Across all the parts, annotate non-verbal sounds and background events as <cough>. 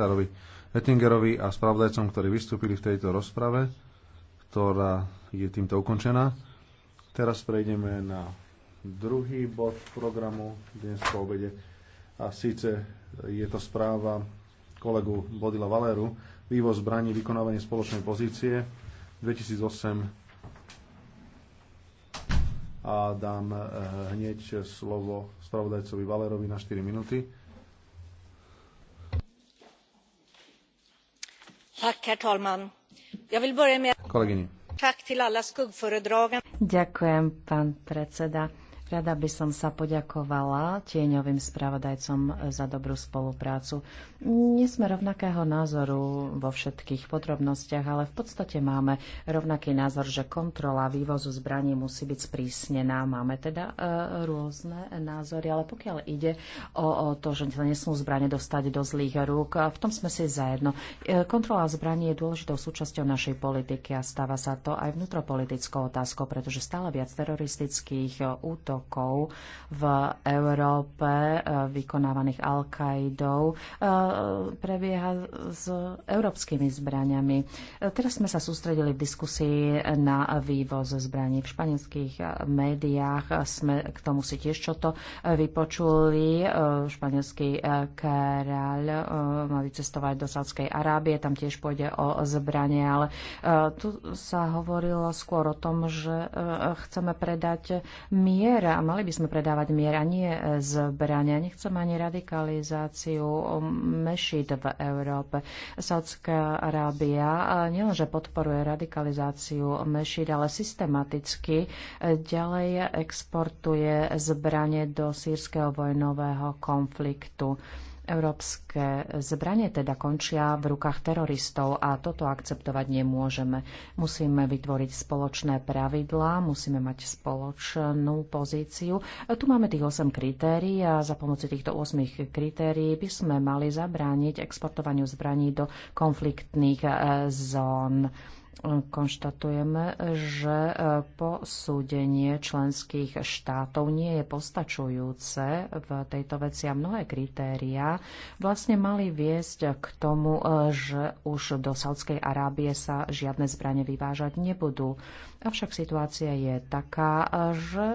Hektárovi Ettingerovi a spravodajcom, ktorí vystúpili v tejto rozprave, ktorá je týmto ukončená. Teraz prejdeme na druhý bod programu dnes po obede. A síce je to správa kolegu Bodila Valéru, vývoz zbraní, vykonávanie spoločnej pozície 2008 a dám eh, hneď slovo spravodajcovi Valerovi na 4 minúty. herr talman! jag vill börja med att rikta ett tack till alla skuggföredragande. ďakujem pán predseda. Rada by som sa poďakovala tieňovým spravodajcom eh, za dobrú spoluprácu. Nie sme rovnakého názoru vo všetkých podrobnostiach, ale v podstate máme rovnaký názor, že kontrola vývozu zbraní musí byť sprísnená. Máme teda e, rôzne názory, ale pokiaľ ide o, o to, že sa nesmú zbranie dostať do zlých rúk, v tom sme si zajedno. E, kontrola zbraní je dôležitou súčasťou našej politiky a stáva sa to aj vnútropolitickou otázkou, pretože stále viac teroristických útokov útokov v Európe e, vykonávaných Al-Kaidou e, prebieha s európskymi zbraniami. E, teraz sme sa sústredili v diskusii na vývoz zbraní. V španielských médiách sme k tomu si tiež čo to vypočuli. Španielský kráľ má vycestovať do Sádskej Arábie, tam tiež pôjde o zbranie, ale tu sa hovorilo skôr o tom, že chceme predať mier teda a mali by sme predávať mier a nie e, zbrania. Nechcem ani radikalizáciu um, mešít v Európe. Saudská Arábia e, nielenže podporuje radikalizáciu mešít, ale systematicky e, ďalej exportuje zbranie do sírskeho vojnového konfliktu. Európske zbranie teda končia v rukách teroristov a toto akceptovať nemôžeme. Musíme vytvoriť spoločné pravidlá, musíme mať spoločnú pozíciu. Tu máme tých 8 kritérií a za pomoci týchto 8 kritérií by sme mali zabrániť exportovaniu zbraní do konfliktných eh, zón konštatujeme, že e, posúdenie členských štátov nie je postačujúce v tejto veci a mnohé kritéria vlastne mali viesť k tomu, e, že už do Saudskej Arábie sa žiadne zbranie vyvážať nebudú. Avšak situácia je taká, e, že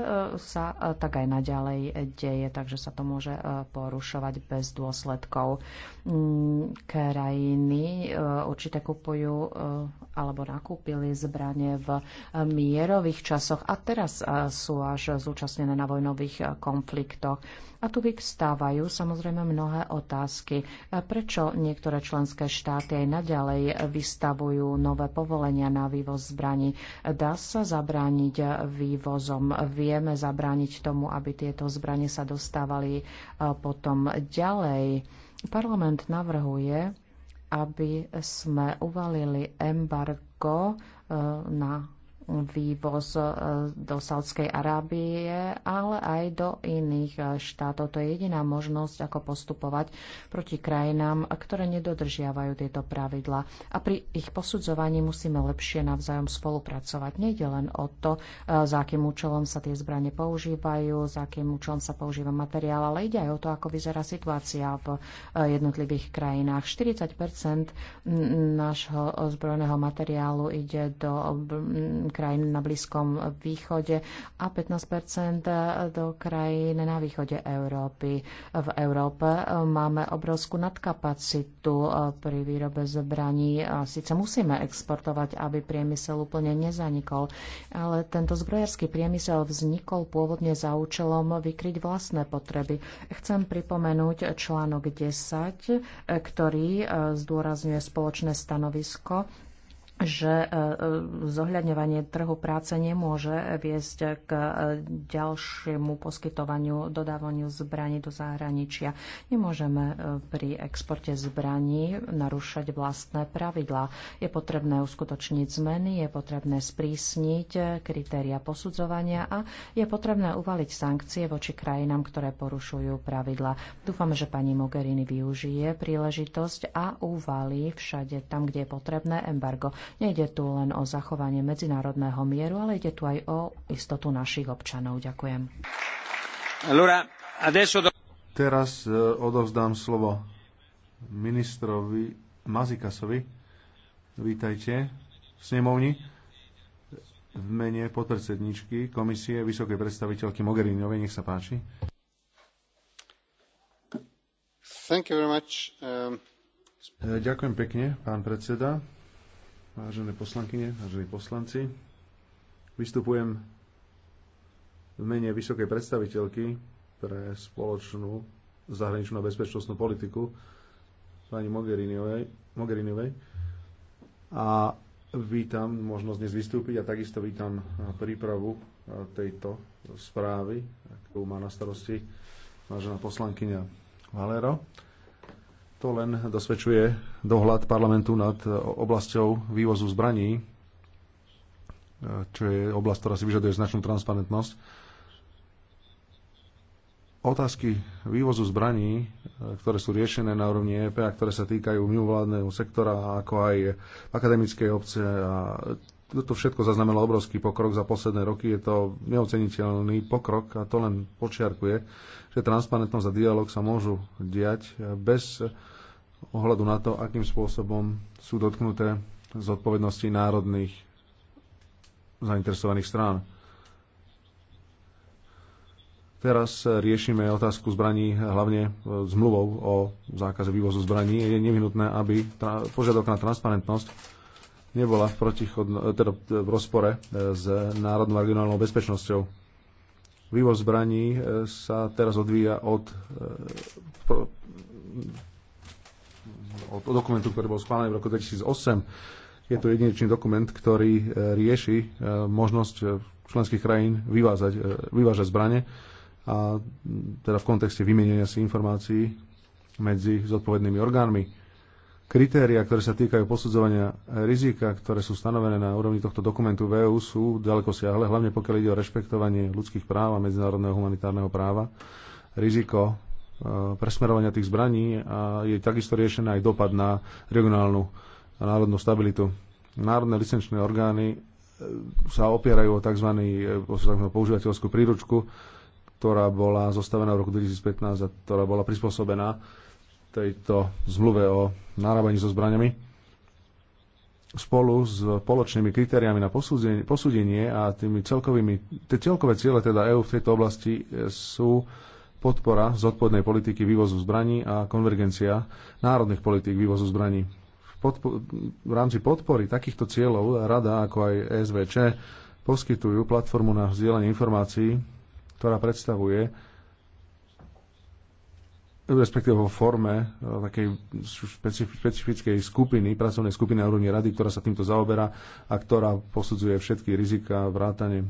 sa tak aj naďalej deje, takže sa to môže porušovať bez dôsledkov. Mm, krajiny určite kupujú alebo nakúpili zbranie v eh, mierových časoch a teraz eh, sú až zúčastnené na vojnových eh, konfliktoch. A tu vyvstávajú samozrejme mnohé otázky. Prečo niektoré členské štáty aj naďalej vystavujú nové povolenia na vývoz zbraní? Dá sa zabrániť vývozom? Vieme zabrániť tomu, aby tieto zbranie sa dostávali potom ďalej? Parlament navrhuje, aby sme uvalili embargo eh, na vývoz e, do Saudskej Arábie, ale aj do iných e, štátov. To je jediná možnosť, ako postupovať proti krajinám, ktoré nedodržiavajú tieto pravidla. A pri ich posudzovaní musíme lepšie navzájom spolupracovať. Nejde len o to, e, za akým účelom sa tie zbranie používajú, za akým účelom sa používa materiál, ale ide aj o to, ako vyzerá situácia v jednotlivých krajinách. 40 nášho zbrojného materiálu ide do krajín na Blízkom východe a 15 do krajín na východe Európy. V Európe máme obrovskú nadkapacitu pri výrobe zbraní. Sice musíme exportovať, aby priemysel úplne nezanikol, ale tento zbrojársky priemysel vznikol pôvodne za účelom vykryť vlastné potreby. Chcem pripomenúť článok 10, ktorý eh, zdôrazňuje spoločné stanovisko že e, e, zohľadňovanie trhu práce nemôže viesť k e, ďalšiemu poskytovaniu, dodávaniu zbraní do zahraničia. Nemôžeme pri exporte zbraní narúšať vlastné pravidlá. Je potrebné uskutočniť zmeny, je potrebné sprísniť kritéria posudzovania a je potrebné uvaliť sankcie voči krajinám, ktoré porušujú pravidla. Dúfam, že pani Mogherini využije príležitosť a uvalí všade tam, kde je potrebné embargo. Nejde tu len o zachovanie medzinárodného mieru, ale ide tu aj o istotu našich občanov. Ďakujem. Teraz e, odovzdám slovo ministrovi Mazikasovi. Vítajte v snemovni v mene podpredsedničky Komisie Vysokej predstaviteľky Mogherinovej. Nech sa páči. Thank you very much. Um... E, ďakujem pekne, pán predseda vážené poslankyne, vážení poslanci. Vystupujem v mene vysokej predstaviteľky pre spoločnú zahraničnú a bezpečnostnú politiku pani Mogheriniovej, Mogheriniovej. A vítam možnosť dnes vystúpiť a takisto vítam prípravu tejto správy, ktorú má na starosti vážená poslankyňa Valero. To len dosvedčuje dohľad parlamentu nad e, oblasťou vývozu zbraní, e, čo je oblasť, ktorá si vyžaduje značnú transparentnosť. Otázky vývozu zbraní, e, ktoré sú riešené na úrovni EP a ktoré sa týkajú mimovládneho sektora, ako aj akademickej obce a toto všetko zaznamenalo obrovský pokrok za posledné roky. Je to neoceniteľný pokrok a to len počiarkuje, že transparentnosť a dialog sa môžu diať bez ohľadu na to, akým spôsobom sú dotknuté zodpovednosti národných zainteresovaných strán. Teraz riešime otázku zbraní hlavne zmluvou o zákaze vývozu zbraní. Je nevyhnutné, aby požiadavka na transparentnosť nebola v, e, teda e, v rozpore e, s národnou regionálnou bezpečnosťou. Vývoz zbraní sa teraz odvíja od, od dokumentu, ktorý bol schválený v roku 2008. Je to jedinečný dokument, ktorý rieši možnosť členských krajín vyvázať, vyvážať zbranie a teda v kontexte vymenenia si informácií medzi zodpovednými orgánmi Kritéria, ktoré sa týkajú posudzovania rizika, ktoré sú stanovené na úrovni tohto dokumentu VEU, sú ďaleko siahle, hlavne pokiaľ ide o rešpektovanie ľudských práv a medzinárodného humanitárneho práva. Riziko e, presmerovania tých zbraní a je takisto riešený aj dopad na regionálnu a národnú stabilitu. Národné licenčné orgány e, sa opierajú e, o tzv. používateľskú príručku, ktorá bola zostavená v roku 2015 a ktorá bola prispôsobená tejto zmluve o narábaní so zbraniami spolu s poločnými kritériami na posúdenie, posúdenie a tými celkovými, tie celkové ciele teda EÚ v tejto oblasti e, sú podpora zodpovednej politiky vývozu zbraní a konvergencia národných politík vývozu zbraní. V, podpo- v rámci podpory takýchto cieľov Rada ako aj SVČ poskytujú platformu na vzdielanie informácií, ktorá predstavuje respektíve vo forme e, takej špecifickej skupiny, pracovnej skupiny na úrovni rady, ktorá sa týmto zaoberá a ktorá posudzuje všetky rizika vrátane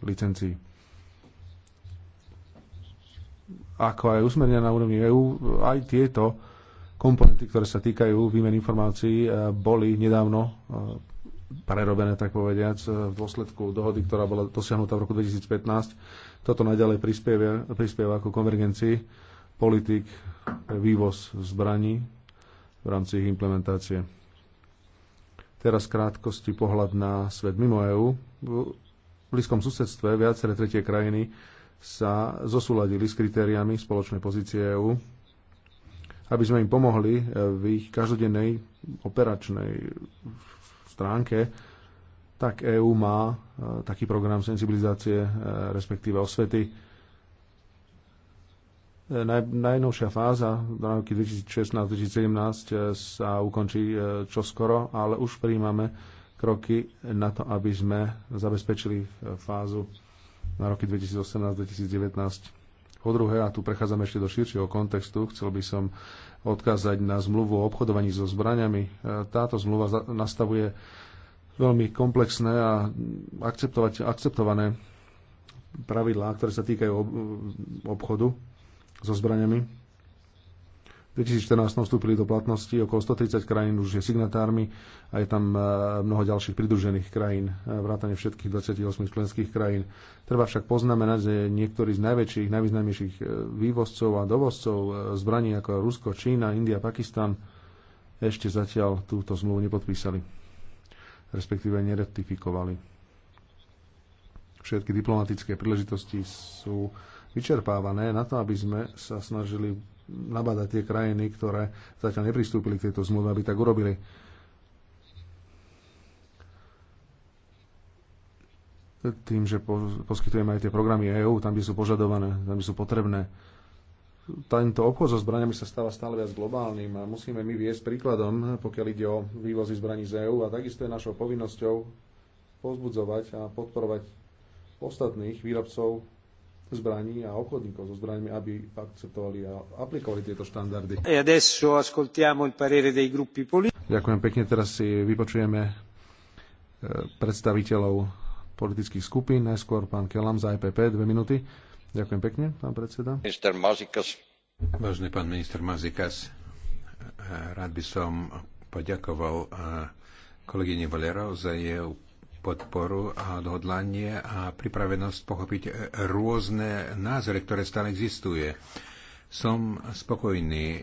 licencií. Ako aj usmernia na úrovni EÚ, aj tieto komponenty, ktoré sa týkajú výmen informácií, e, boli nedávno e, prerobené, tak povediac, v dôsledku dohody, ktorá bola dosiahnutá v roku 2015. Toto naďalej prispieva, prispieva konvergencii politik, vývoz zbraní v rámci ich implementácie. Teraz krátkosti pohľad na svet mimo EÚ. V blízkom susedstve viaceré tretie krajiny sa zosúladili s kritériami spoločnej pozície EÚ, aby sme im pomohli v ich každodennej operačnej stránke, tak EÚ má e, taký program sensibilizácie, e, respektíve osvety, E, naj, najnovšia fáza na roky 2016-2017 sa ukončí e, čoskoro, ale už príjmame kroky na to, aby sme zabezpečili e, fázu na roky 2018-2019. Po druhé, a tu prechádzame ešte do širšieho kontextu, chcel by som odkázať na zmluvu o obchodovaní so zbraniami. Táto zmluva nastavuje veľmi komplexné a akceptované pravidlá, ktoré sa týkajú obchodu so zbraniami. V 2014 vstúpili do platnosti, okolo 130 krajín už je signatármi a je tam e, mnoho ďalších pridružených krajín, e, vrátane všetkých 28 členských krajín. Treba však poznamenať, že niektorí z najväčších, najvýznamnejších e, vývozcov a dovozcov zbraní ako Rusko, Čína, India, Pakistan ešte zatiaľ túto zmluvu nepodpísali, respektíve neratifikovali. Všetky diplomatické príležitosti sú vyčerpávané na to, aby sme sa snažili nabádať tie krajiny, ktoré zatiaľ nepristúpili k tejto zmluve, aby tak urobili. Tým, že poskytujeme aj tie programy EÚ, tam by sú požadované, tam by sú potrebné. Tento obchod so zbraniami sa stáva stále viac globálnym a musíme my viesť príkladom, pokiaľ ide o vývozy zbraní z EÚ a takisto je našou povinnosťou pozbudzovať a podporovať ostatných výrobcov zbraní a obchodníkov so zbraniami, aby akceptovali a aplikovali tieto štandardy. E Ďakujem pekne, teraz si vypočujeme e, predstaviteľov politických skupín. Najskôr pán Kelam za IPP, e dve minúty. Ďakujem pekne, pán predseda. Minister Mazikas. Vážny pán minister Mazikas, rád by som poďakoval kolegyni Valerov za jej podporu a odhodlanie a pripravenosť pochopiť rôzne názory, ktoré stále existuje. Som spokojný e,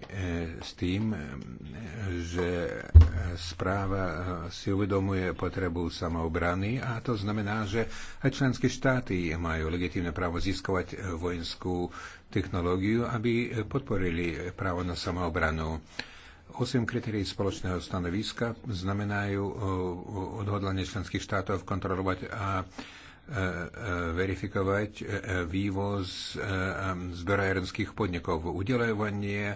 s tým, e, že správa si uvedomuje potrebu samoobrany a to znamená, že aj členské štáty majú legitímne právo získovať vojenskú technológiu, aby podporili právo na samoobranu. 8 kritérií spoločného stanoviska znamenajú e, e, odhodlanie členských štátov kontrolovať a e, verifikovať vývoz zberajerenských podnikov. Udelovanie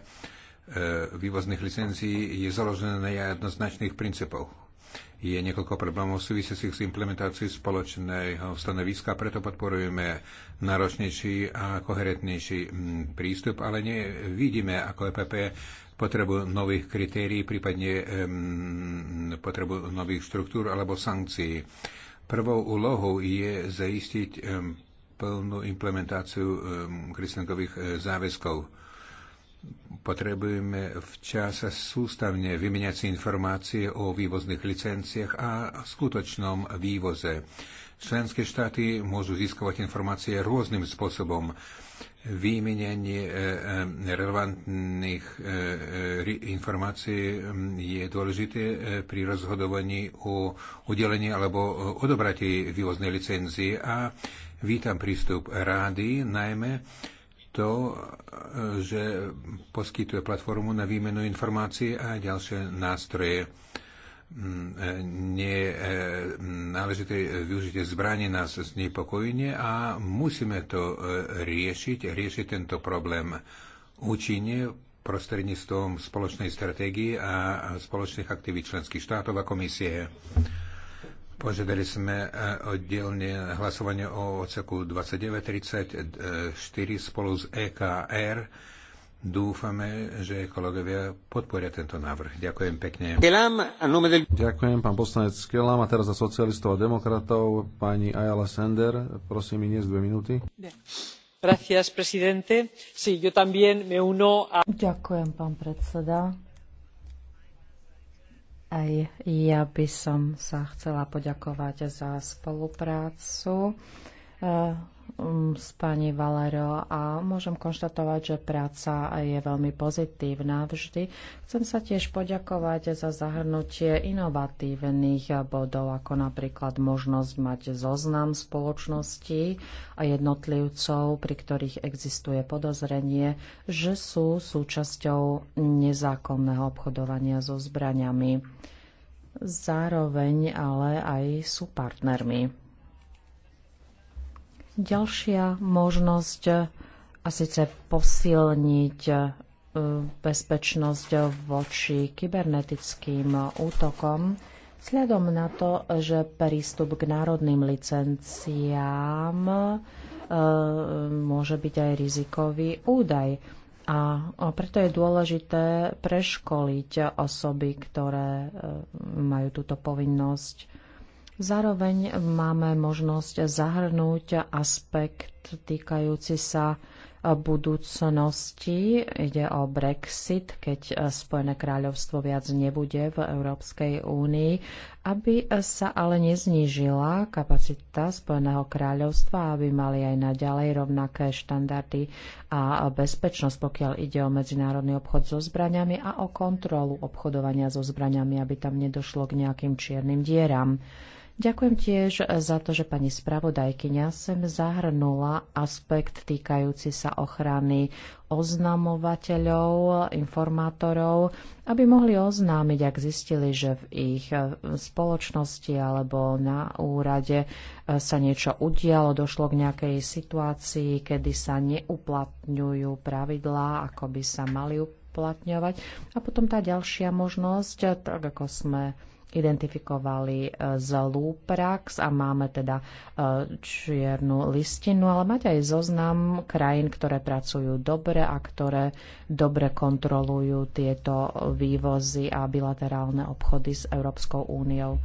vývozných licencií je založené na jednoznačných princípoch. Je niekoľko problémov súvisiacich s implementáciou spoločného stanoviska, preto podporujeme náročnejší a koherentnejší prístup, ale nevidíme ako EPP potrebu nových kritérií, prípadne um, potrebu nových štruktúr alebo sankcií. Prvou úlohou je zaistiť um, plnú implementáciu um, Kristenkových um, e, záväzkov potrebujeme včas a sústavne vymeniať si informácie o vývozných licenciách a skutočnom vývoze. Členské štáty môžu získovať informácie rôznym spôsobom. Výmenenie e, e, relevantných e, informácií je dôležité pri rozhodovaní o udelení alebo odobratí vývoznej licenzie a vítam prístup rády, najmä to, že poskytuje platformu na výmenu informácií a ďalšie nástroje Mm, e, e, mm, náležité využitie zbraní nás znepokojenie a musíme to e, riešiť, riešiť tento problém účinne prostredníctvom spoločnej stratégie a spoločných aktivít členských štátov a komisie. Požiadali sme oddielne hlasovanie o oceku 2934 spolu s EKR Dúfame, že kolegovia podporia tento návrh. Ďakujem pekne. Ďakujem, pán poslanec Kelam. A teraz za socialistov a demokratov pani Ayala Sender. Prosím, Ines, dve minúty. Gracias, presidente. Sí, yo también me uno a... Ďakujem, pán predseda. Aj ja by som sa chcela poďakovať za spoluprácu e, Um, s pani Valero a môžem konštatovať, že práca je veľmi pozitívna vždy. Chcem sa tiež poďakovať za zahrnutie inovatívnych bodov, ako napríklad možnosť mať zoznam spoločností a jednotlivcov, pri ktorých existuje podozrenie, že sú súčasťou nezákonného obchodovania so zbraniami. Zároveň ale aj sú partnermi. Ďalšia možnosť e, a síce posilniť e, bezpečnosť voči kybernetickým útokom, vzhľadom na to, že prístup k národným licenciám e, môže byť aj rizikový údaj. A preto je dôležité preškoliť osoby, ktoré majú túto povinnosť Zároveň máme možnosť zahrnúť aspekt týkajúci sa budúcnosti. Ide o Brexit, keď Spojené kráľovstvo viac nebude v Európskej únii, aby sa ale neznížila kapacita Spojeného kráľovstva, aby mali aj naďalej rovnaké štandardy a bezpečnosť, pokiaľ ide o medzinárodný obchod so zbraniami a o kontrolu obchodovania so zbraniami, aby tam nedošlo k nejakým čiernym dieram. Ďakujem tiež za to, že pani spravodajkyňa sem zahrnula aspekt týkajúci sa ochrany oznamovateľov, informátorov, aby mohli oznámiť, ak zistili, že v ich eh, spoločnosti alebo na úrade eh, sa niečo udialo, došlo k nejakej situácii, kedy sa neuplatňujú pravidlá, ako by sa mali uplatňovať. A potom tá ďalšia možnosť, eh, tak ako sme identifikovali e, zlú prax a máme teda e, čiernu listinu, ale mať aj zoznam krajín, ktoré pracujú dobre a ktoré dobre kontrolujú tieto vývozy a bilaterálne obchody s Európskou úniou.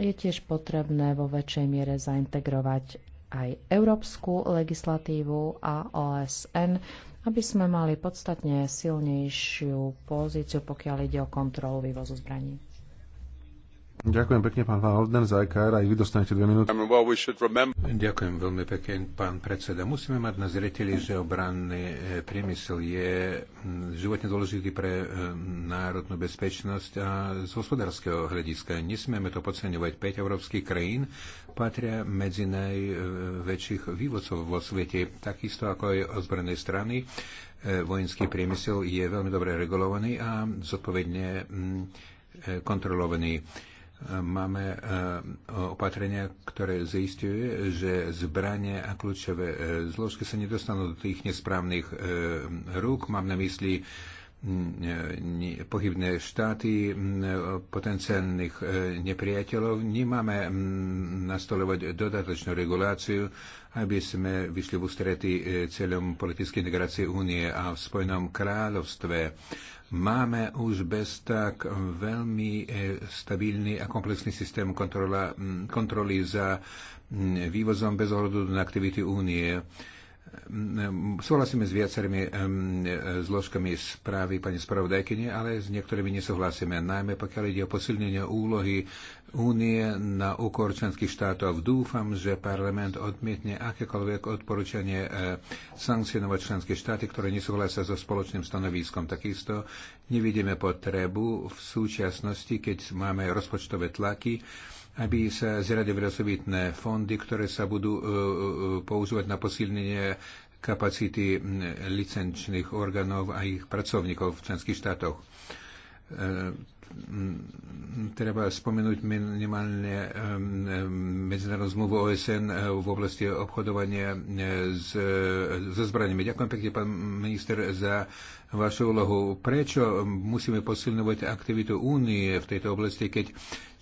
Je tiež potrebné vo väčšej miere zaintegrovať aj európsku legislatívu a OSN, aby sme mali podstatne silnejšiu pozíciu, pokiaľ ide o kontrolu vývozu zbraní. Ďakujem pekne, pán Valden, za EKR, aj vy dostanete dve minúty. Um, Ďakujem veľmi pekne, pán predseda. Musíme mať na zreteli, že obranný e, priemysel je životne dôležitý pre e, národnú bezpečnosť a z hospodárskeho hľadiska. Nesmieme to podceňovať. 5 európskych krajín patria medzi najväčších vývodcov vo svete, takisto ako aj ozbrojené strany. E, vojenský priemysel je veľmi dobre regulovaný a zodpovedne kontrolovaný máme e, opatrenia, ktoré zistuje, že zbranie a kľúčové e, zložky sa nedostanú do tých nesprávnych e, rúk. Mám na mysli pochybné štáty, potenciálnych nepriateľov. Nemáme nastolovať dodatočnú reguláciu, aby sme vyšli v ústrety e, celom politickej integrácie únie a v Spojenom kráľovstve. Máme už bez tak veľmi e, stabilný a komplexný systém kontrola, kontroly za vývozom bez ohľadu na aktivity únie Mm, mm, súhlasíme s viacerými zložkami správy pani spravodajkyne, ale s niektorými nesúhlasíme, najmä pokiaľ ide o posilnenie úlohy únie na úkor členských štátov. Dúfam, že parlament odmietne akékoľvek odporúčanie eh, sankcionovať členské štáty, ktoré nesúhlasia so spoločným stanoviskom. Takisto nevidíme potrebu v súčasnosti, keď máme rozpočtové tlaky, aby sa zriadili osobitné fondy, ktoré sa budú e, e, e, používať na posilnenie kapacity licenčných orgánov a ich pracovníkov v členských štátoch treba spomenúť minimálne medzinárodnú zmluvu OSN eh, v oblasti obchodovania eh, s, so zbraniami. Ďakujem pekne, pán minister, za vašu úlohu. Prečo musíme posilňovať aktivitu únie v tejto oblasti, keď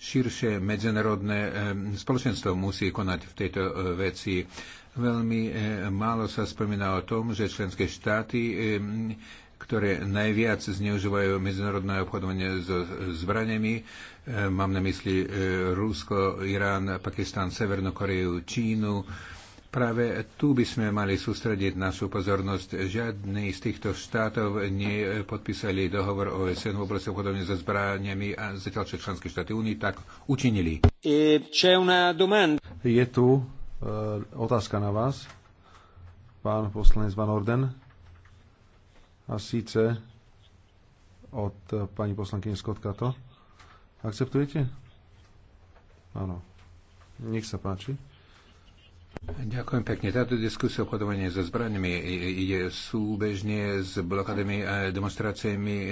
širšie medzinárodné spoločenstvo musí konať v tejto eh, veci? Veľmi málo sa spomína o tom, že členské štáty ktoré najviac zneužívajú medzinárodné obchodovanie so zbraniami. E, mám na mysli e, Rusko, Irán, Pakistan, Severnú Koreju, Čínu. Práve tu by sme mali sústrediť našu pozornosť. Žiadny z týchto štátov nepodpísali dohovor OSN v oblasti obchodovania so zbraniami a zatiaľ, čo členské štáty únie tak učinili. E, Je tu e, otázka na vás, pán poslanec Van Orden a síce od pani poslankyne Skotka to. Akceptujete? Áno. Nech sa páči. Ďakujem pekne. Táto diskusia o podovaní so zbraniami ide súbežne s blokádami a demonstráciami e,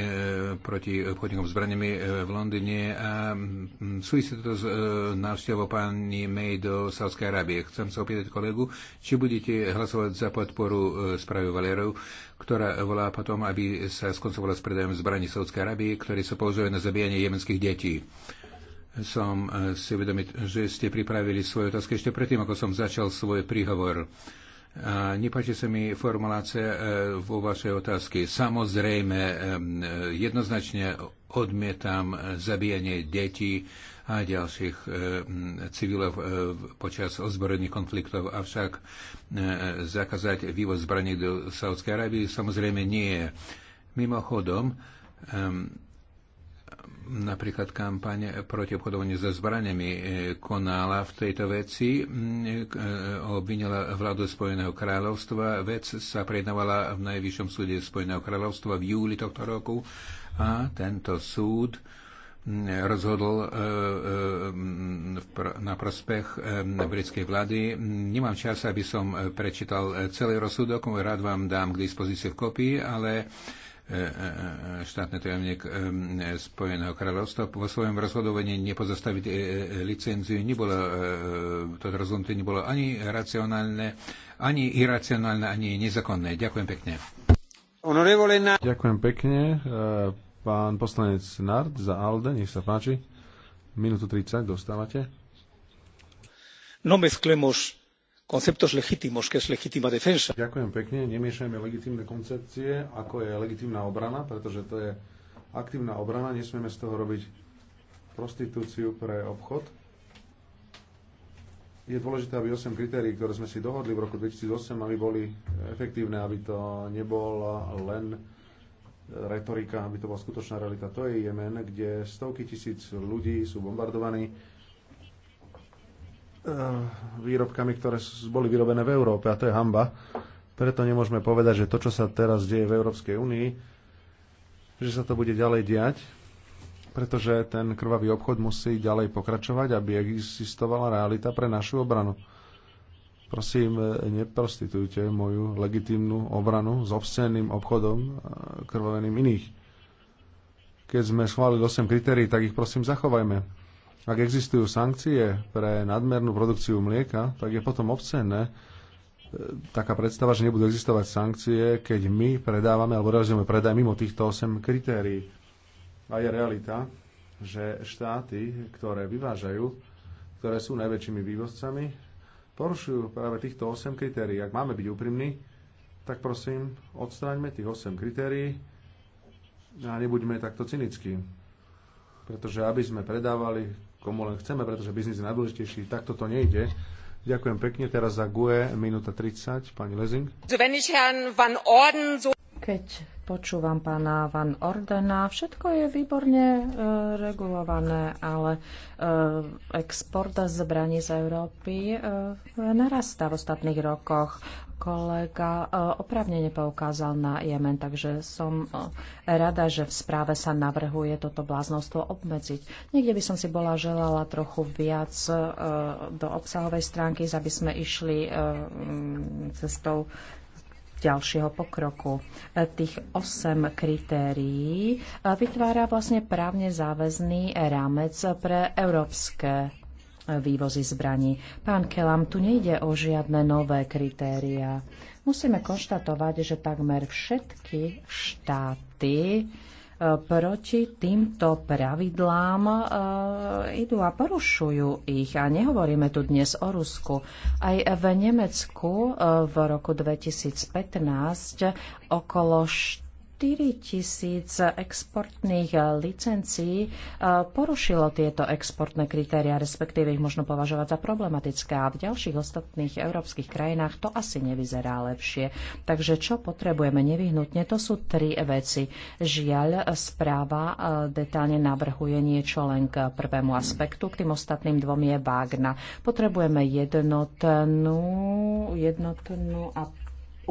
proti obchodníkom zbraniami e, v Londýne a mm, súvisí to s e, návštevou pani May do Sávskej Arábie. Chcem sa opýtať kolegu, či budete hlasovať za podporu správy Valerov, ktorá volá potom, aby sa skoncovala s predajom zbraní Sávskej Arábie, ktoré sa používajú na zabíjanie jemenských detí som e, si vedomiť, že ste pripravili svoje otázky ešte predtým, ako som začal svoj príhovor. A nepáči sa mi formulácia e, vo vašej otázky. Samozrejme, e, jednoznačne odmietam zabíjanie detí a ďalších civilov počas ozbrojených konfliktov, avšak zakázať vývoz zbraní do Saudskej Arábie samozrejme nie je. Mimochodom, napríklad kampaň proti obchodovaniu so zbraniami e, konala v tejto veci, e, obvinila vládu Spojeného kráľovstva, vec sa prednávala v Najvyššom súde Spojeného kráľovstva v júli tohto roku a tento súd rozhodol e, na prospech britskej vlády. Nemám čas, aby som prečítal celý rozsudok, rád vám dám k dispozícii v kopii, ale E, e, e, štátny tajomník Spojeného kráľovstva. Vo svojom rozhodovaní nepozastaviť licenciu nebolo, toto rozhodnutie nebolo ani racionálne, ani iracionálne, ani nezakonné. Ďakujem pekne. Ďakujem pekne. Pán poslanec Nard za ALDE, nech sa páči. Minútu 30 dostávate. No mezclemos konceptos legitimos, que es legítima defensa. Ďakujem pekne, nemiešajme legitímne koncepcie, ako je legitímna obrana, pretože to je aktívna obrana, nesmieme z toho robiť prostitúciu pre obchod. Je dôležité, aby 8 kritérií, ktoré sme si dohodli v roku 2008, aby boli efektívne, aby to nebol len retorika, aby to bola skutočná realita. To je Jemen, kde stovky tisíc ľudí sú bombardovaní E, výrobkami, ktoré boli vyrobené v Európe a to je hamba. Preto nemôžeme povedať, že to, čo sa teraz deje v Európskej únii, že sa to bude ďalej diať, pretože ten krvavý obchod musí ďalej pokračovať, aby existovala realita pre našu obranu. Prosím, e, neprostitujte moju legitímnu obranu s obsceným obchodom e, krvaveným iných. Keď sme schválili 8 kritérií, tak ich prosím zachovajme ak existujú sankcie pre nadmernú produkciu mlieka, tak je potom obcenné e, taká predstava, že nebudú existovať sankcie, keď my predávame alebo realizujeme predaj mimo týchto 8 kritérií. A je realita, že štáty, ktoré vyvážajú, ktoré sú najväčšími vývozcami, porušujú práve týchto 8 kritérií. Ak máme byť úprimní, tak prosím, odstraňme tých 8 kritérií a nebuďme takto cynickí. Pretože aby sme predávali komu len chceme, pretože biznis je najdôležitejší. Takto to nejde. Ďakujem pekne. Teraz za GUE minúta 30. Pani Lezing. Keď počúvam pána Van Ordena, všetko je výborne e, regulované, ale e, export zbraní z Európy e, narastá v ostatných rokoch kolega e, opravnene poukázal na Jemen, takže som e, rada, že v správe sa navrhuje toto bláznostvo obmedziť. Niekde by som si bola želala trochu viac e, do obsahovej stránky, aby sme išli cestou ďalšieho pokroku. E, tých 8 kritérií e, vytvára vlastne právne záväzný rámec pre európske e, vývozy zbraní. Pán Kelam, tu nejde o žiadne nové kritéria. Musíme konštatovať, že takmer všetky štáty proti týmto pravidlám e, idú a porušujú ich. A nehovoríme tu dnes o Rusku. Aj v Nemecku e, v roku 2015 okolo 4 4 tisíc exportných licencií e, porušilo tieto exportné kritéria, respektíve ich možno považovať za problematické a v ďalších ostatných európskych krajinách to asi nevyzerá lepšie. Takže čo potrebujeme nevyhnutne, to sú tri veci. Žiaľ, správa e, detálne navrhuje niečo len k prvému aspektu, k tým ostatným dvom je vágna. Potrebujeme jednotnú, jednotnú a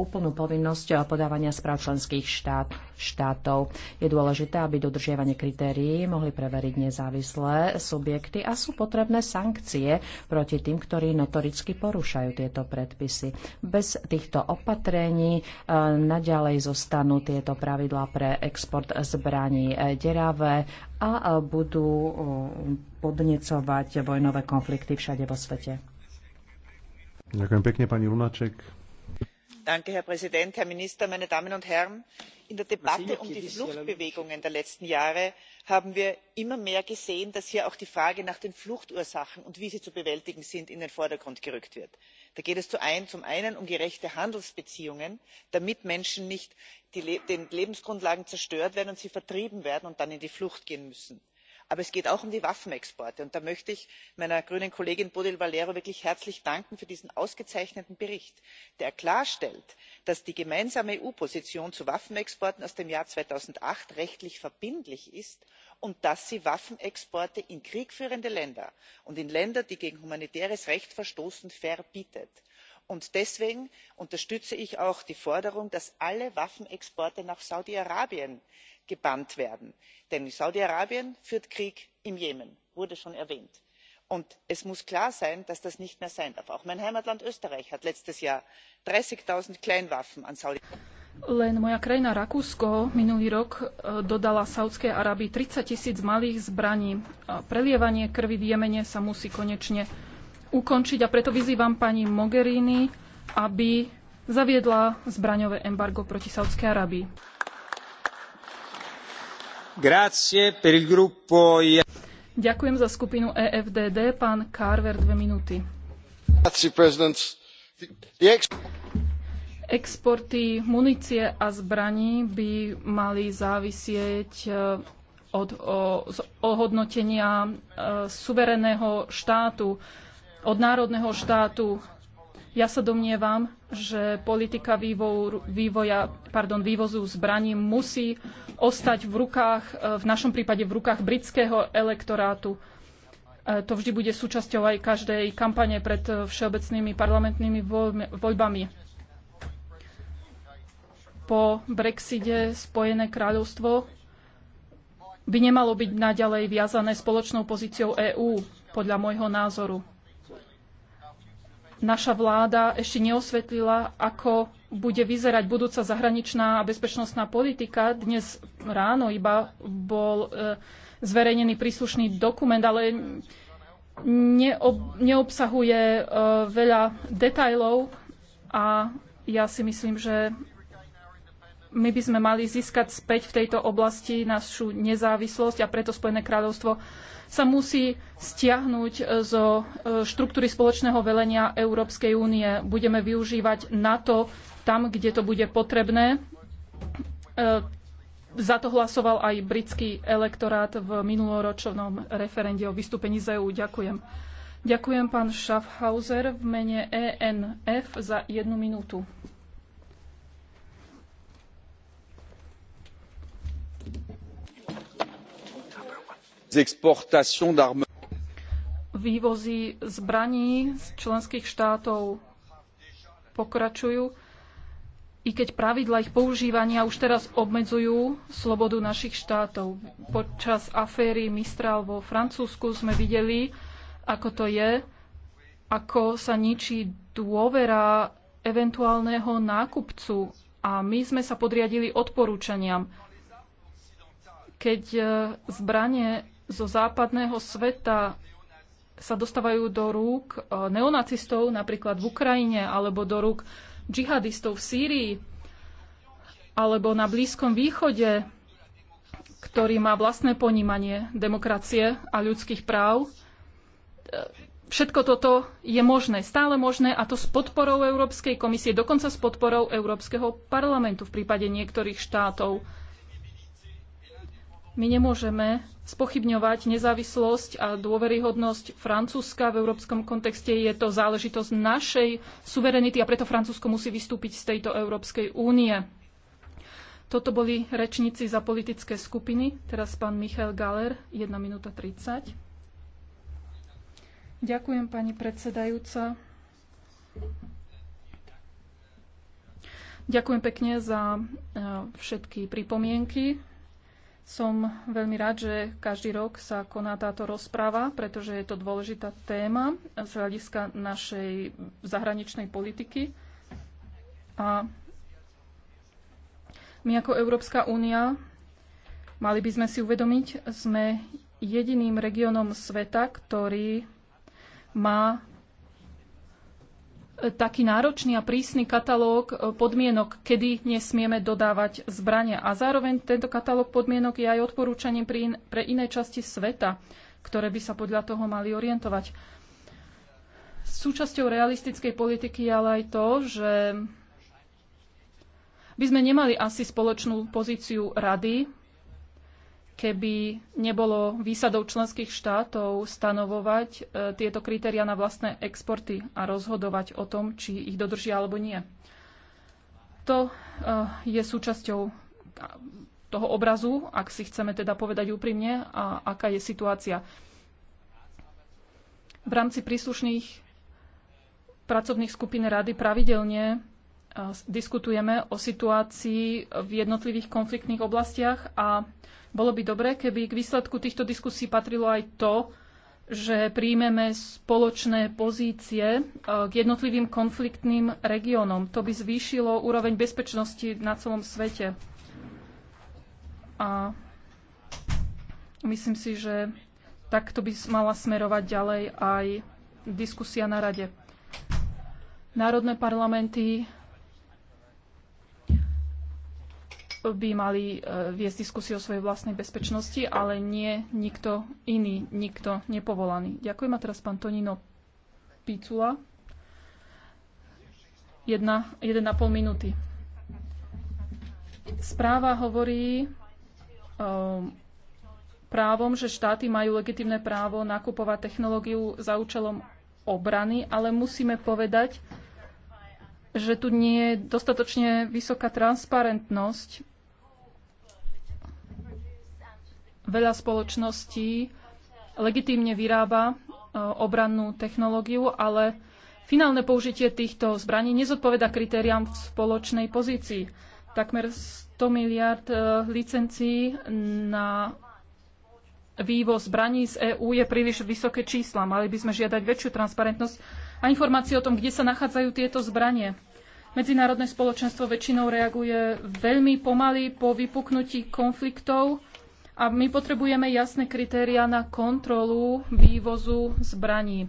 úplnú povinnosť podávania správ členských štát, štátov. Je dôležité, aby dodržiavanie kritérií mohli preveriť nezávislé subjekty a sú potrebné sankcie proti tým, ktorí notoricky porúšajú tieto predpisy. Bez týchto opatrení e, naďalej zostanú tieto pravidlá pre export zbraní e, deravé a e, budú podnecovať vojnové konflikty všade vo svete. Ďakujem pekne, pani Lunaček herr präsident herr minister meine damen und herren! in der debatte um die fluchtbewegungen der letzten jahre haben wir immer mehr gesehen dass hier auch die frage nach den fluchtursachen und wie sie zu bewältigen sind in den vordergrund gerückt wird. da geht es zum einen um gerechte handelsbeziehungen damit menschen nicht die lebensgrundlagen zerstört werden und sie vertrieben werden und dann in die flucht gehen müssen aber es geht auch um die waffenexporte und da möchte ich meiner grünen kollegin bodil valero wirklich herzlich danken für diesen ausgezeichneten bericht der klarstellt dass die gemeinsame eu position zu waffenexporten aus dem jahr zweitausendacht rechtlich verbindlich ist und dass sie waffenexporte in kriegführende länder und in länder die gegen humanitäres recht verstoßen verbietet. deswegen unterstütze ich auch die forderung dass alle waffenexporte nach saudi arabien gebannt werden denn saudi arabien führt krieg im jemen wurde schon erwähnt und es muss klar sein dass das nicht mehr sein darf. auch mein heimatland österreich hat letztes jahr dreißig null kleinwaffen an saudi len moja krajina Rakúsko minulý rok e, dodala Saudskej Arábii 30 tisíc malých zbraní. E, prelievanie krvi v Jemene sa musí konečne ukončiť a preto vyzývam pani Mogherini, aby zaviedla zbraňové embargo proti Saudskej Arábii. Ďakujem za skupinu EFDD. Pán Carver, dve minúty. Exporty munície a zbraní by mali závisieť e, od ohodnotenia e, suverénneho štátu, od národného štátu ja sa domnievam, že politika vývoru, vývoja, pardon, vývozu zbraní musí ostať v rukách, e, v našom prípade v rukách britského elektorátu. E, to vždy bude súčasťou aj každej kampane pred e, všeobecnými parlamentnými voľbami. Po Brexite Spojené kráľovstvo by nemalo byť naďalej viazané spoločnou pozíciou EÚ, podľa môjho názoru naša vláda ešte neosvetlila, ako bude vyzerať budúca zahraničná a bezpečnostná politika. Dnes ráno iba bol e, zverejnený príslušný dokument, ale neob, neobsahuje e, veľa detajlov a ja si myslím, že my by sme mali získať späť v tejto oblasti našu nezávislosť a preto Spojené kráľovstvo sa musí stiahnuť e, zo e, štruktúry spoločného velenia Európskej únie. Budeme využívať NATO tam, kde to bude potrebné. E, za to hlasoval aj britský elektorát v minuloročnom referende o vystúpení z EÚ. Ďakujem. Ďakujem pán Schaffhauser v mene ENF za jednu minútu. exportations vývozy zbraní z členských štátov pokračujú, i keď pravidla ich používania už teraz obmedzujú slobodu našich štátov. Počas aféry Mistral vo Francúzsku sme videli, ako to je, ako sa ničí dôvera eventuálneho nákupcu a my sme sa podriadili odporúčaniam. Keď e, zbranie zo západného sveta sa dostávajú do rúk e, neonacistov, napríklad v Ukrajine, alebo do rúk džihadistov v Sýrii, alebo na Blízkom východe, ktorý má vlastné ponímanie demokracie a ľudských práv. E, všetko toto je možné, stále možné, a to s podporou Európskej komisie, dokonca s podporou Európskeho parlamentu v prípade niektorých štátov. My nemôžeme spochybňovať nezávislosť a dôveryhodnosť Francúzska. V európskom kontexte je to záležitosť našej suverenity a preto Francúzsko musí vystúpiť z tejto Európskej únie. Toto boli rečníci za politické skupiny. Teraz pán Michal Galer, 1 minúta 30. Ďakujem, pani predsedajúca. Ďakujem pekne za eh, všetky pripomienky som veľmi rád, že každý rok sa koná táto rozpráva, pretože je to dôležitá téma z hľadiska našej zahraničnej politiky. A my ako Európska únia mali by sme si uvedomiť, sme jediným regiónom sveta, ktorý má taký náročný a prísny katalóg e, podmienok, kedy nesmieme dodávať zbrania. A zároveň tento katalóg podmienok je aj odporúčaním pre iné časti sveta, ktoré by sa podľa toho mali orientovať. Súčasťou realistickej politiky je ale aj to, že by sme nemali asi spoločnú pozíciu rady keby nebolo výsadou členských štátov stanovovať e, tieto kritéria na vlastné exporty a rozhodovať o tom, či ich dodržia alebo nie. To e, je súčasťou toho obrazu, ak si chceme teda povedať úprimne, a aká je situácia. V rámci príslušných pracovných skupín rady pravidelne diskutujeme o situácii v jednotlivých konfliktných oblastiach a bolo by dobré, keby k výsledku týchto diskusí patrilo aj to, že príjmeme spoločné pozície e, k jednotlivým konfliktným regiónom. To by zvýšilo úroveň bezpečnosti na celom svete. A myslím si, že takto by mala smerovať ďalej aj diskusia na rade. Národné parlamenty by mali e, viesť diskusiu o svojej vlastnej bezpečnosti, ale nie nikto iný, nikto nepovolaný. Ďakujem a teraz pán Tonino Picula. Jedna, jeden a pol minúty. Správa hovorí um, právom, že štáty majú legitimné právo nakupovať technológiu za účelom obrany, ale musíme povedať, že tu nie je dostatočne vysoká transparentnosť Veľa spoločností legitímne vyrába e, obrannú technológiu, ale finálne použitie týchto zbraní nezodpoveda kritériám v spoločnej pozícii. Takmer 100 miliard e, licencií na vývoz zbraní z EÚ je príliš vysoké čísla. Mali by sme žiadať väčšiu transparentnosť a informácie o tom, kde sa nachádzajú tieto zbranie. Medzinárodné spoločenstvo väčšinou reaguje veľmi pomaly po vypuknutí konfliktov a my potrebujeme jasné kritéria na kontrolu vývozu zbraní.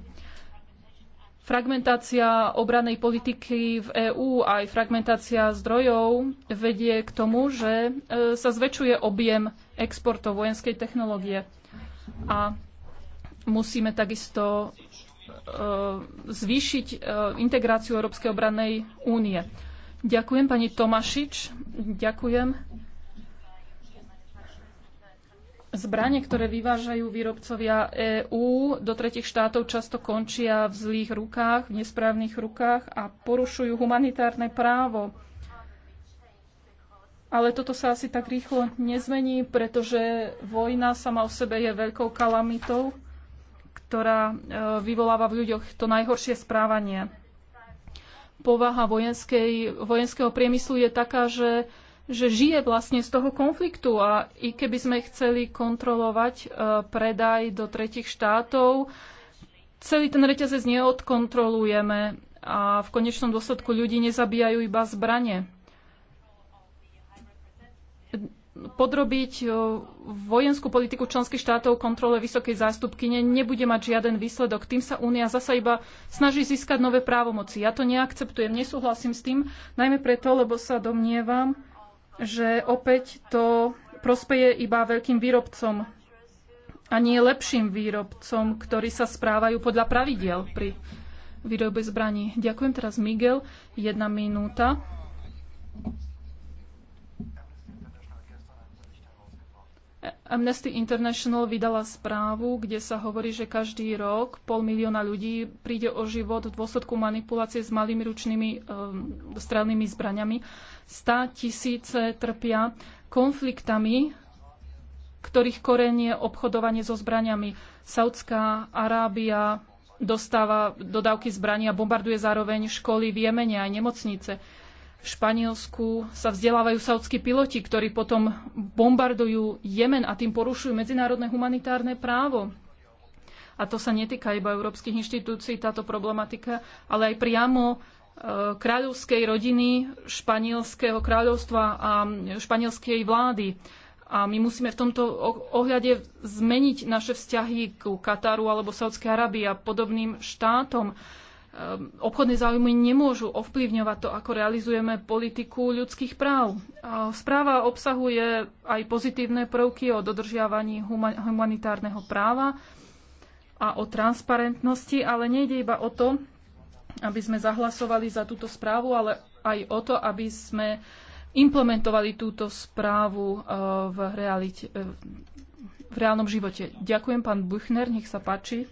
Fragmentácia obranej politiky v EÚ aj fragmentácia zdrojov vedie k tomu, že e, sa zväčšuje objem exportov vojenskej technológie. A musíme takisto e, zvýšiť e, integráciu Európskej obrannej únie. Ďakujem pani Tomašič. Ďakujem. Zbranie, ktoré vyvážajú výrobcovia EÚ do tretich štátov, často končia v zlých rukách, v nesprávnych rukách a porušujú humanitárne právo. Ale toto sa asi tak rýchlo nezmení, pretože vojna sama o sebe je veľkou kalamitou, ktorá e, vyvoláva v ľuďoch to najhoršie správanie. Povaha vojenskej, vojenského priemyslu je taká, že že žije vlastne z toho konfliktu a i keby sme chceli kontrolovať e, predaj do tretich štátov, celý ten reťazec neodkontrolujeme a v konečnom dôsledku ľudí nezabíjajú iba zbranie. Podrobiť e, vojenskú politiku členských štátov kontrole vysokej zástupkyne nebude mať žiaden výsledok. Tým sa Únia zasa iba snaží získať nové právomoci. Ja to neakceptujem, nesúhlasím s tým, najmä preto, lebo sa domnievam, že opäť to prospeje iba veľkým výrobcom a nie lepším výrobcom, ktorí sa správajú podľa pravidiel pri výrobe zbraní. Ďakujem teraz Miguel. Jedna minúta. Amnesty International vydala správu, kde sa hovorí, že každý rok pol milióna ľudí príde o život v dôsledku manipulácie s malými ručnými um, strelnými zbraniami. Stá tisíce trpia konfliktami, ktorých korenie obchodovanie so zbraniami. Saudská Arábia dostáva dodávky zbraní a bombarduje zároveň školy v Jemene aj nemocnice. V Španielsku sa vzdelávajú saudskí piloti, ktorí potom bombardujú Jemen a tým porušujú medzinárodné humanitárne právo. A to sa netýka iba európskych inštitúcií, táto problematika, ale aj priamo e, kráľovskej rodiny, španielského kráľovstva a španielskej vlády. A my musíme v tomto ohľade zmeniť naše vzťahy ku Kataru alebo Saudskej Arabii a podobným štátom. Ehm, obchodné záujmy nemôžu ovplyvňovať to, ako realizujeme politiku ľudských práv. Správa obsahuje aj pozitívne prvky o dodržiavaní humanitárneho práva a o transparentnosti, ale nejde iba o to, aby sme zahlasovali za túto správu, ale aj o to, aby sme implementovali túto správu e, v, realite, e, v reálnom živote. Ďakujem, pán Buchner, nech sa páči.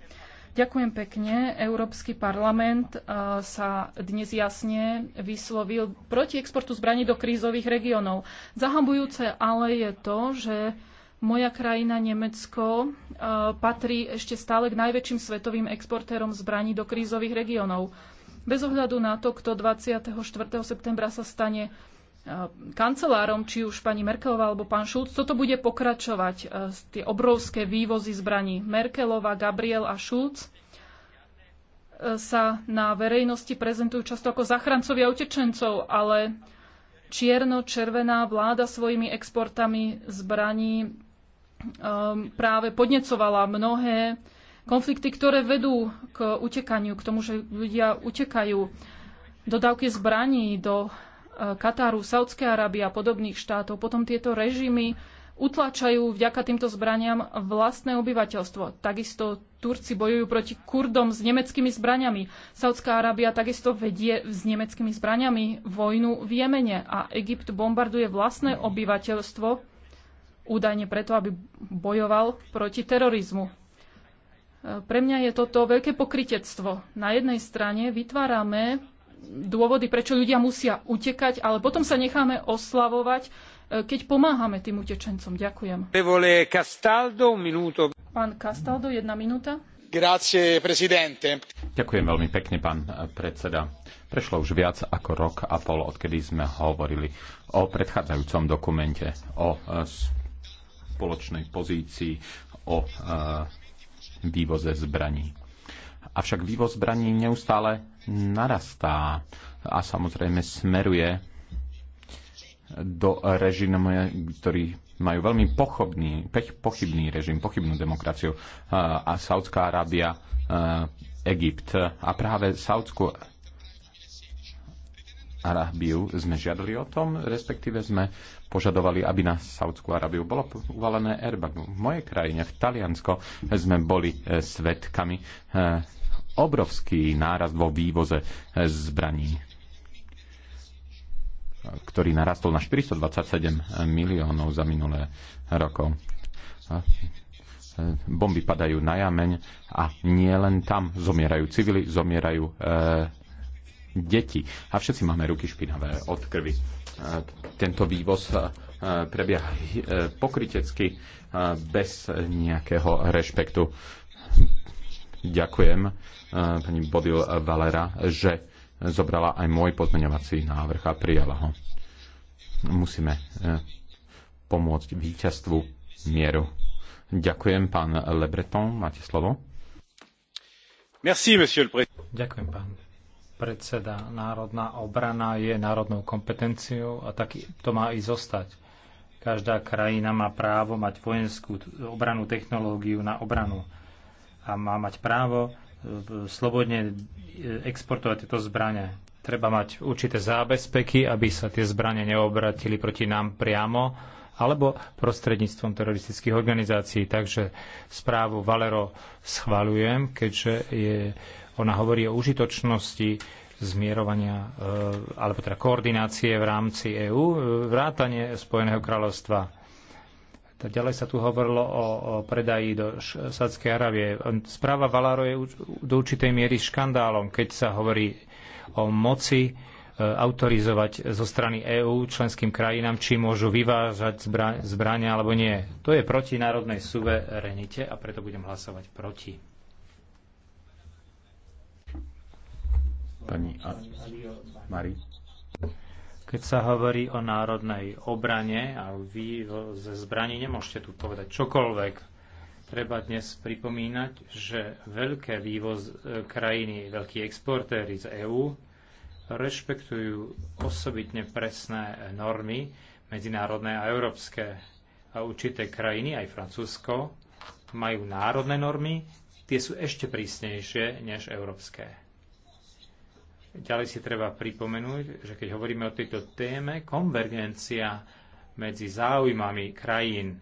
Ďakujem pekne. Európsky parlament e, sa dnes jasne vyslovil proti exportu zbraní do krízových regiónov. Zahambujúce ale je to, že moja krajina Nemecko e, patrí ešte stále k najväčším svetovým exportérom zbraní do krízových regiónov. Bez ohľadu na to, kto 24. septembra sa stane Eh, kancelárom, či už pani Merkelová alebo pán Šulc, toto bude pokračovať. Eh, tie obrovské vývozy zbraní Merkelová, Gabriel a Šulc eh, sa na verejnosti prezentujú často ako zachrancovia utečencov, ale čierno-červená vláda svojimi exportami zbraní ehm, práve podnecovala mnohé konflikty, ktoré vedú k utekaniu, k tomu, že ľudia utekajú. Dodávky zbraní do Kataru, Saudskej Arábie a podobných štátov. Potom tieto režimy utlačajú vďaka týmto zbraniam vlastné obyvateľstvo. Takisto Turci bojujú proti Kurdom s nemeckými zbraniami. Saudská Arábia takisto vedie s nemeckými zbraniami vojnu v Jemene a Egypt bombarduje vlastné obyvateľstvo údajne preto, aby bojoval proti terorizmu. Pre mňa je toto veľké pokritectvo. Na jednej strane vytvárame dôvody, prečo ľudia musia utekať, ale potom sa necháme oslavovať, e, keď pomáhame tým utečencom. Ďakujem. Pán Castaldo, jedna minúta. Grazie, Ďakujem veľmi pekne, pán e, predseda. Prešlo už viac ako rok a pol, odkedy sme hovorili o predchádzajúcom dokumente, o e, spoločnej pozícii, o vývoze zbraní. Avšak vývoz zbraní neustále narastá a samozrejme smeruje do režimu, ktorý majú veľmi pochobný, pochybný režim, pochybnú demokraciu a Saudská Arábia, Egypt. A práve Saudskú Arábiu sme žiadali o tom, respektíve sme požadovali, aby na Saudskú Arabiu bolo uvalené airbag. V mojej krajine, v Taliansko, sme boli e, svetkami e, obrovský náraz vo vývoze e, zbraní ktorý narastol na 427 miliónov za minulé rokov. Bomby padajú na jameň a nie len tam zomierajú civili, zomierajú e, deti. A všetci máme ruky špinavé od krvi. Tento vývoz prebieha e, pokritecky bez nejakého rešpektu. Ďakujem pani Bodil Valera, že zobrala aj môj pozmeňovací návrh a prijala ho. Musíme e, pomôcť víťazstvu mieru. Ďakujem, pán Lebreton, máte slovo. Merci, monsieur le Ďakujem, pán predseda. Národná obrana je národnou kompetenciou a tak to má i zostať. Každá krajina má právo mať vojenskú obranú technológiu na obranu a má mať právo e, slobodne e, exportovať tieto zbranie. Treba mať určité zábezpeky, aby sa tie zbranie neobratili proti nám priamo alebo prostredníctvom teroristických organizácií. Takže správu Valero schvaľujem, keďže je ona hovorí o užitočnosti zmierovania eh, alebo teda koordinácie v rámci EÚ, eh, vrátanie Spojeného kráľovstva. Ďalej sa tu hovorilo o, o predaji do Sádskej Arábie. Správa Valáro je do určitej miery škandálom, keď sa hovorí o moci eh, autorizovať zo strany EÚ členským krajinám, či môžu vyvážať zbrania alebo nie. To je proti národnej suverenite a preto budem hlasovať proti. Pani A- Mari. Keď sa hovorí o národnej obrane a vy ze zbraní nemôžete tu povedať čokoľvek, treba dnes pripomínať, že veľké vývoz e, krajiny, veľkí exportéry z EÚ rešpektujú osobitne presné normy medzinárodné a európske. A určité krajiny, aj Francúzsko, majú národné normy, tie sú ešte prísnejšie než európske. Ďalej si treba pripomenúť, že keď hovoríme o tejto téme, konvergencia medzi záujmami krajín,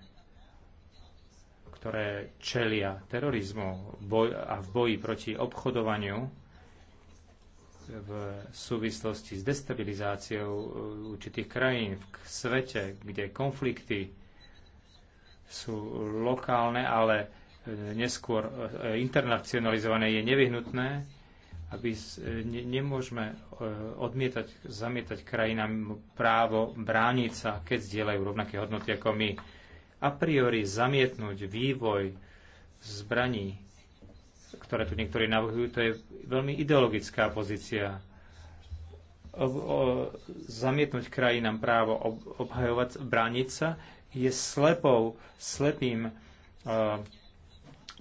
ktoré čelia terorizmu a v boji proti obchodovaniu v súvislosti s destabilizáciou e, určitých krajín v svete, kde konflikty sú lokálne, ale e, neskôr e, internacionalizované, je nevyhnutné, aby ne, nemôžeme e, odmietať, zamietať krajinám právo brániť sa, keď zdieľajú rovnaké hodnoty ako my. A priori zamietnúť vývoj zbraní, ktoré tu niektorí navrhujú, to je veľmi ideologická pozícia. O, o, zamietnúť krajinám právo ob, obhajovať, brániť sa je slepou, slepým uh,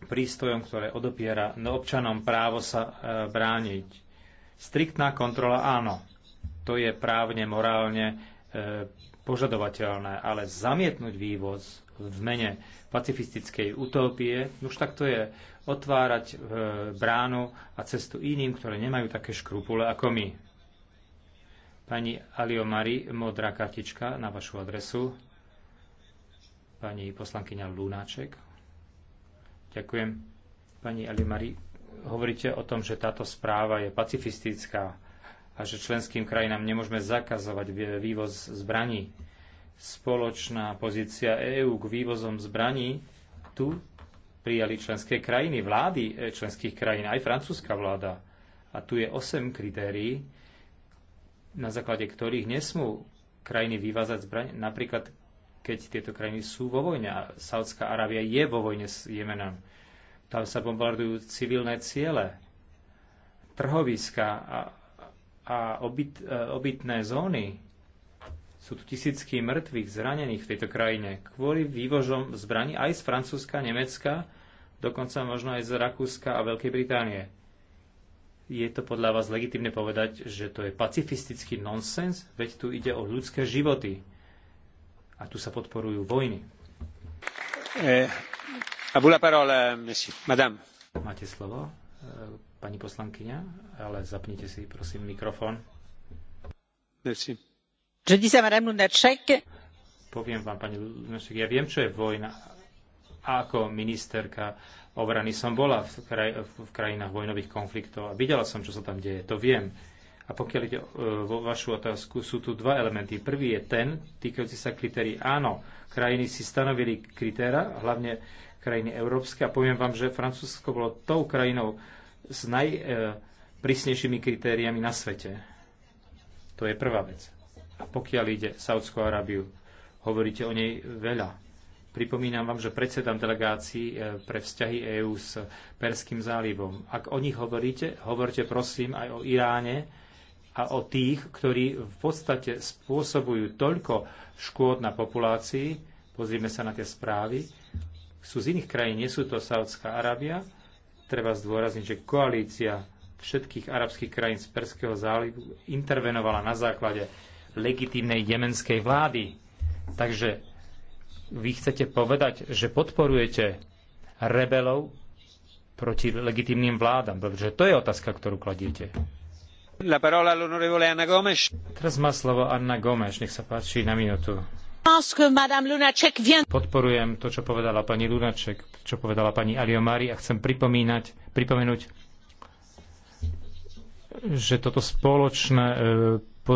prístrojom, ktoré odopiera občanom právo sa e, brániť. Striktná kontrola áno, to je právne, morálne e, požadovateľné, ale zamietnúť vývoz v mene pacifistickej utopie už tak to je otvárať e, bránu a cestu iným, ktoré nemajú také škrupule ako my. Pani Mari, modrá kartička na vašu adresu. Pani poslankyňa Lunáček. Ďakujem. Pani Alimari, hovoríte o tom, že táto správa je pacifistická a že členským krajinám nemôžeme zakazovať vývoz zbraní. Spoločná pozícia EÚ k vývozom zbraní tu prijali členské krajiny, vlády e, členských krajín, aj francúzska vláda. A tu je 8 kritérií, na základe ktorých nesmú krajiny vyvázať zbraň, napríklad keď tieto krajiny sú vo vojne. A Saudská Arábia je vo vojne s Jemenom. Tam sa bombardujú civilné ciele, trhoviska a, a obyt, e, obytné zóny. Sú tu tisícky mŕtvych, zranených v tejto krajine kvôli vývožom zbraní aj z Francúzska, Nemecka, dokonca možno aj z Rakúska a Veľkej Británie. Je to podľa vás legitimne povedať, že to je pacifistický nonsens? Veď tu ide o ľudské životy a tu sa podporujú vojny. Eh, a parola, monsieur, madame. Máte slovo, eh, pani poslankyňa, ale zapnite si prosím mikrofón. Merci. Je dis Poviem vám, pani Lunaček. ja viem, čo je vojna. A ako ministerka obrany som bola v, kraj, v krajinách vojnových konfliktov a videla som, čo sa tam deje. To viem a pokiaľ ide e, o vašu otázku, sú tu dva elementy. Prvý je ten, týkajúci sa kritérií. Áno, krajiny si stanovili kritéra, hlavne krajiny európske. A poviem vám, že Francúzsko bolo tou krajinou s najprísnejšími e, kritériami na svete. To je prvá vec. A pokiaľ ide Saudskú Arábiu, hovoríte o nej veľa. Pripomínam vám, že predsedám delegácií e, pre vzťahy EÚ s Perským zálivom. Ak o nich hovoríte, hovorte prosím aj o Iráne, a o tých, ktorí v podstate spôsobujú toľko škôd na populácii, pozrieme sa na tie správy, sú z iných krajín, nie sú to Saudská Arábia. Treba zdôrazniť, že koalícia všetkých arabských krajín z Perského zálivu intervenovala na základe legitímnej jemenskej vlády. Takže vy chcete povedať, že podporujete rebelov proti legitímnym vládam, pretože to je otázka, ktorú kladiete. Teraz má slovo Anna Gomes, nech sa páči na minútu. Podporujem to, čo povedala pani Lunaček, čo povedala pani Aliomari a chcem pripomínať, pripomenúť, že toto spoločné, e, e,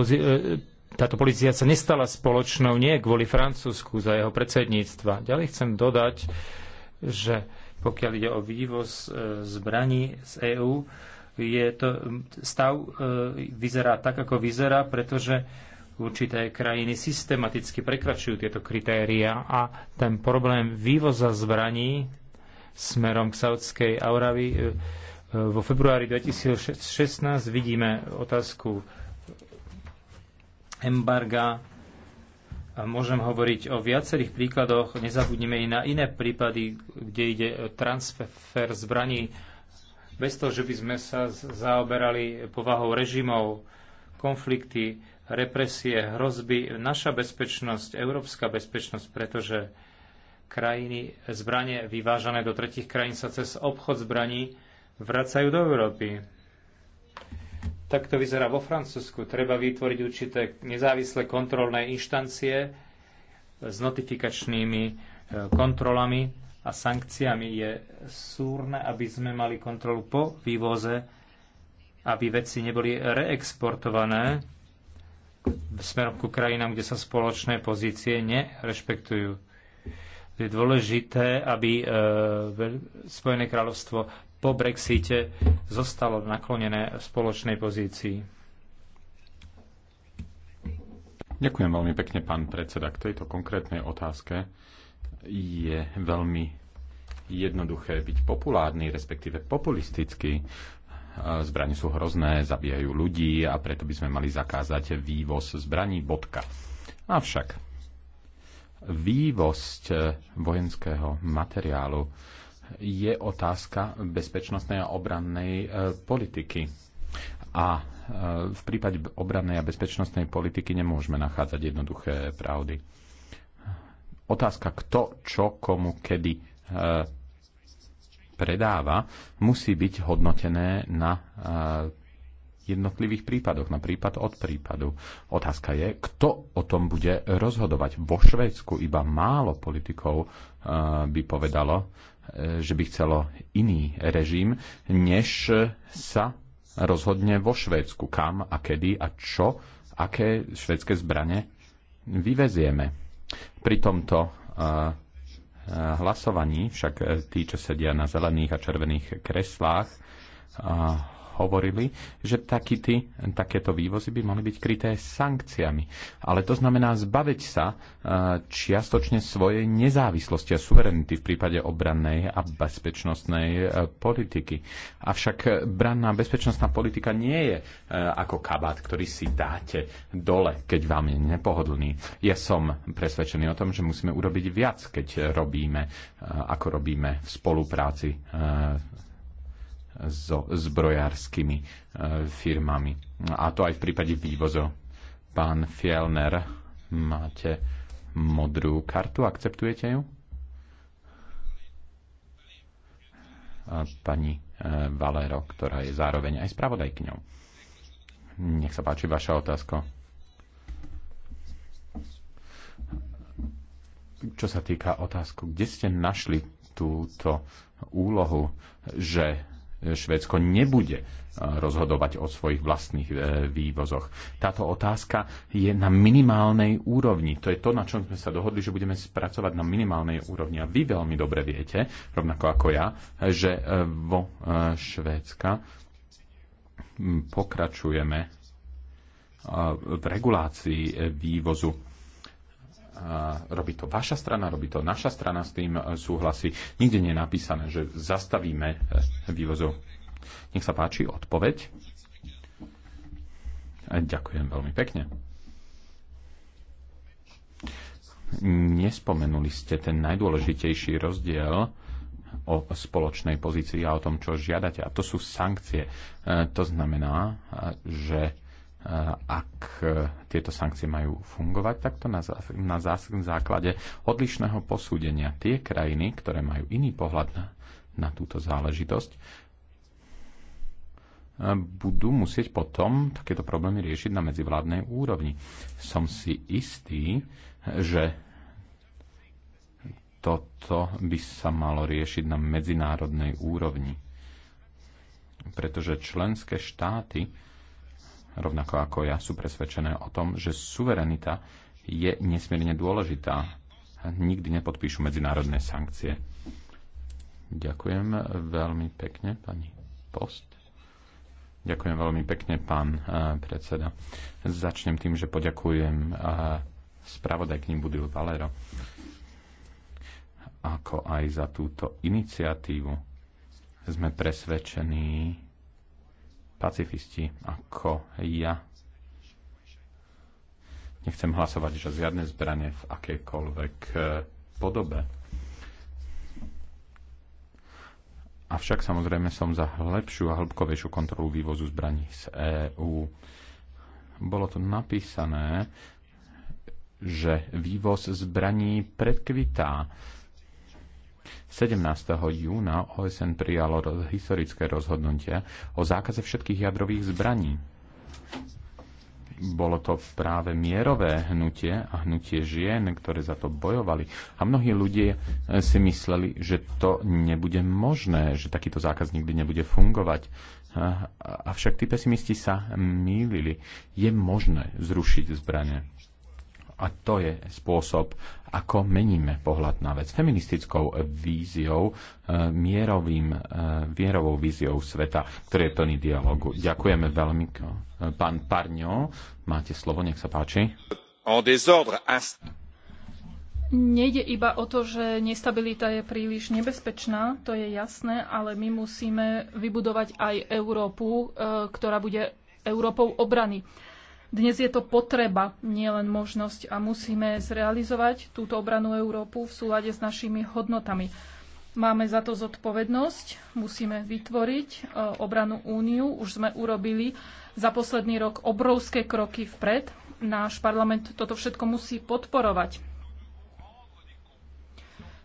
táto policia sa nestala spoločnou nie kvôli Francúzsku za jeho predsedníctva. Ďalej chcem dodať, že pokiaľ ide o vývoz e, zbraní z EÚ, je to, stav e, vyzerá tak, ako vyzerá, pretože určité krajiny systematicky prekračujú tieto kritéria a ten problém vývoza zbraní smerom k Saudskej Auravi e, e, vo februári 2016 vidíme otázku embarga a môžem hovoriť o viacerých príkladoch, nezabudnime i na iné prípady, kde ide transfer zbraní bez toho, že by sme sa zaoberali povahou režimov, konflikty, represie, hrozby, naša bezpečnosť, európska bezpečnosť, pretože krajiny zbranie vyvážané do tretich krajín sa cez obchod zbraní vracajú do Európy. Tak to vyzerá vo Francúzsku. Treba vytvoriť určité nezávislé kontrolné inštancie s notifikačnými e, kontrolami a sankciami je súrne, aby sme mali kontrolu po vývoze, aby veci neboli reexportované v smerom ku krajinám, kde sa spoločné pozície nerešpektujú. Je dôležité, aby e, Spojené kráľovstvo po Brexite zostalo naklonené v spoločnej pozícii. Ďakujem veľmi pekne, pán predseda. K tejto konkrétnej otázke je veľmi jednoduché byť populárny, respektíve populistický. Zbranie sú hrozné, zabíjajú ľudí a preto by sme mali zakázať vývoz zbraní. Bodka. Avšak vývoz vojenského materiálu je otázka bezpečnostnej a obrannej e, politiky. A e, v prípade obrannej a bezpečnostnej politiky nemôžeme nachádzať jednoduché pravdy otázka kto, čo, komu, kedy e, predáva, musí byť hodnotené na e, jednotlivých prípadoch, na prípad od prípadu. Otázka je, kto o tom bude rozhodovať. Vo Švédsku iba málo politikov e, by povedalo, e, že by chcelo iný režim, než sa rozhodne vo Švédsku, kam a kedy a čo, aké švédske zbranie vyvezieme pri tomto hlasovaní však e, tí, čo sedia na zelených a červených kreslách, hovorili, že ty, takéto vývozy by mali byť kryté sankciami. Ale to znamená zbaviť sa e, čiastočne svojej nezávislosti a suverenity v prípade obrannej a bezpečnostnej e, politiky. Avšak branná bezpečnostná politika nie je e, ako kabát, ktorý si dáte dole, keď vám je nepohodlný. Ja som presvedčený o tom, že musíme urobiť viac, keď robíme, ako robíme v spolupráci so zbrojárskymi e, firmami. A to aj v prípade vývozov. Pán Fielner, máte modrú kartu, akceptujete ju? Pani e, Valero, ktorá je zároveň aj spravodajkňou. Nech sa páči vaša otázka. Čo sa týka otázku, kde ste našli túto úlohu, že Švédsko nebude e, rozhodovať o svojich vlastných e, vývozoch. Táto otázka je na minimálnej úrovni. To je to, na čom sme sa dohodli, že budeme spracovať na minimálnej úrovni. A vy veľmi dobre viete, rovnako ako ja, že e, vo Švédska pokračujeme v regulácii vývozu robí to vaša strana, robí to naša strana, s tým súhlasí. Nikde nie je napísané, že zastavíme eh, vývozov. Nech sa páči, odpoveď. Ďakujem veľmi pekne. Nespomenuli ste ten najdôležitejší rozdiel o spoločnej pozícii a o tom, čo žiadate. A to sú sankcie. Eh, to znamená, eh, že Eh, ak eh, tieto sankcie majú fungovať, tak to na, základe odlišného posúdenia tie krajiny, ktoré majú iný pohľad na, na túto záležitosť, eh, budú musieť potom takéto problémy riešiť na medzivládnej úrovni. Som si istý, že toto by sa malo riešiť na medzinárodnej úrovni. Pretože členské štáty rovnako ako ja, sú presvedčené o tom, že suverenita je nesmierne dôležitá. Nikdy nepodpíšu medzinárodné sankcie. Ďakujem veľmi pekne, pani Post. Ďakujem veľmi pekne, pán eh, predseda. Začnem tým, že poďakujem eh, spravodajkým Budil Valero ako aj za túto iniciatívu. Sme presvedčení, pacifisti ako ja nechcem hlasovať za žiadne zbranie v akejkoľvek e, podobe. Avšak samozrejme som za lepšiu a hĺbkovejšiu kontrolu vývozu zbraní z EÚ. Bolo tu napísané, že vývoz zbraní predkvitá 17. júna OSN prijalo historické rozhodnutie o zákaze všetkých jadrových zbraní. Bolo to práve mierové hnutie a hnutie žien, ktoré za to bojovali. A mnohí ľudia eh, si mysleli, že to nebude možné, že takýto zákaz nikdy nebude fungovať. Avšak tí pesimisti sa mýlili. Je možné zrušiť zbranie a to je spôsob, ako meníme pohľad na vec. Feministickou víziou, e, mierovým, e, mierovou víziou sveta, ktorý je plný dialogu. Ďakujeme veľmi. E, pán Parňo, máte slovo, nech sa páči. Nejde iba o to, že nestabilita je príliš nebezpečná, to je jasné, ale my musíme vybudovať aj Európu, ktorá bude Európou obrany. Dnes je to potreba, nielen možnosť a musíme zrealizovať túto obranu Európu v súlade s našimi hodnotami. Máme za to zodpovednosť, musíme vytvoriť e, obranú úniu. Už sme urobili za posledný rok obrovské kroky vpred. Náš parlament toto všetko musí podporovať.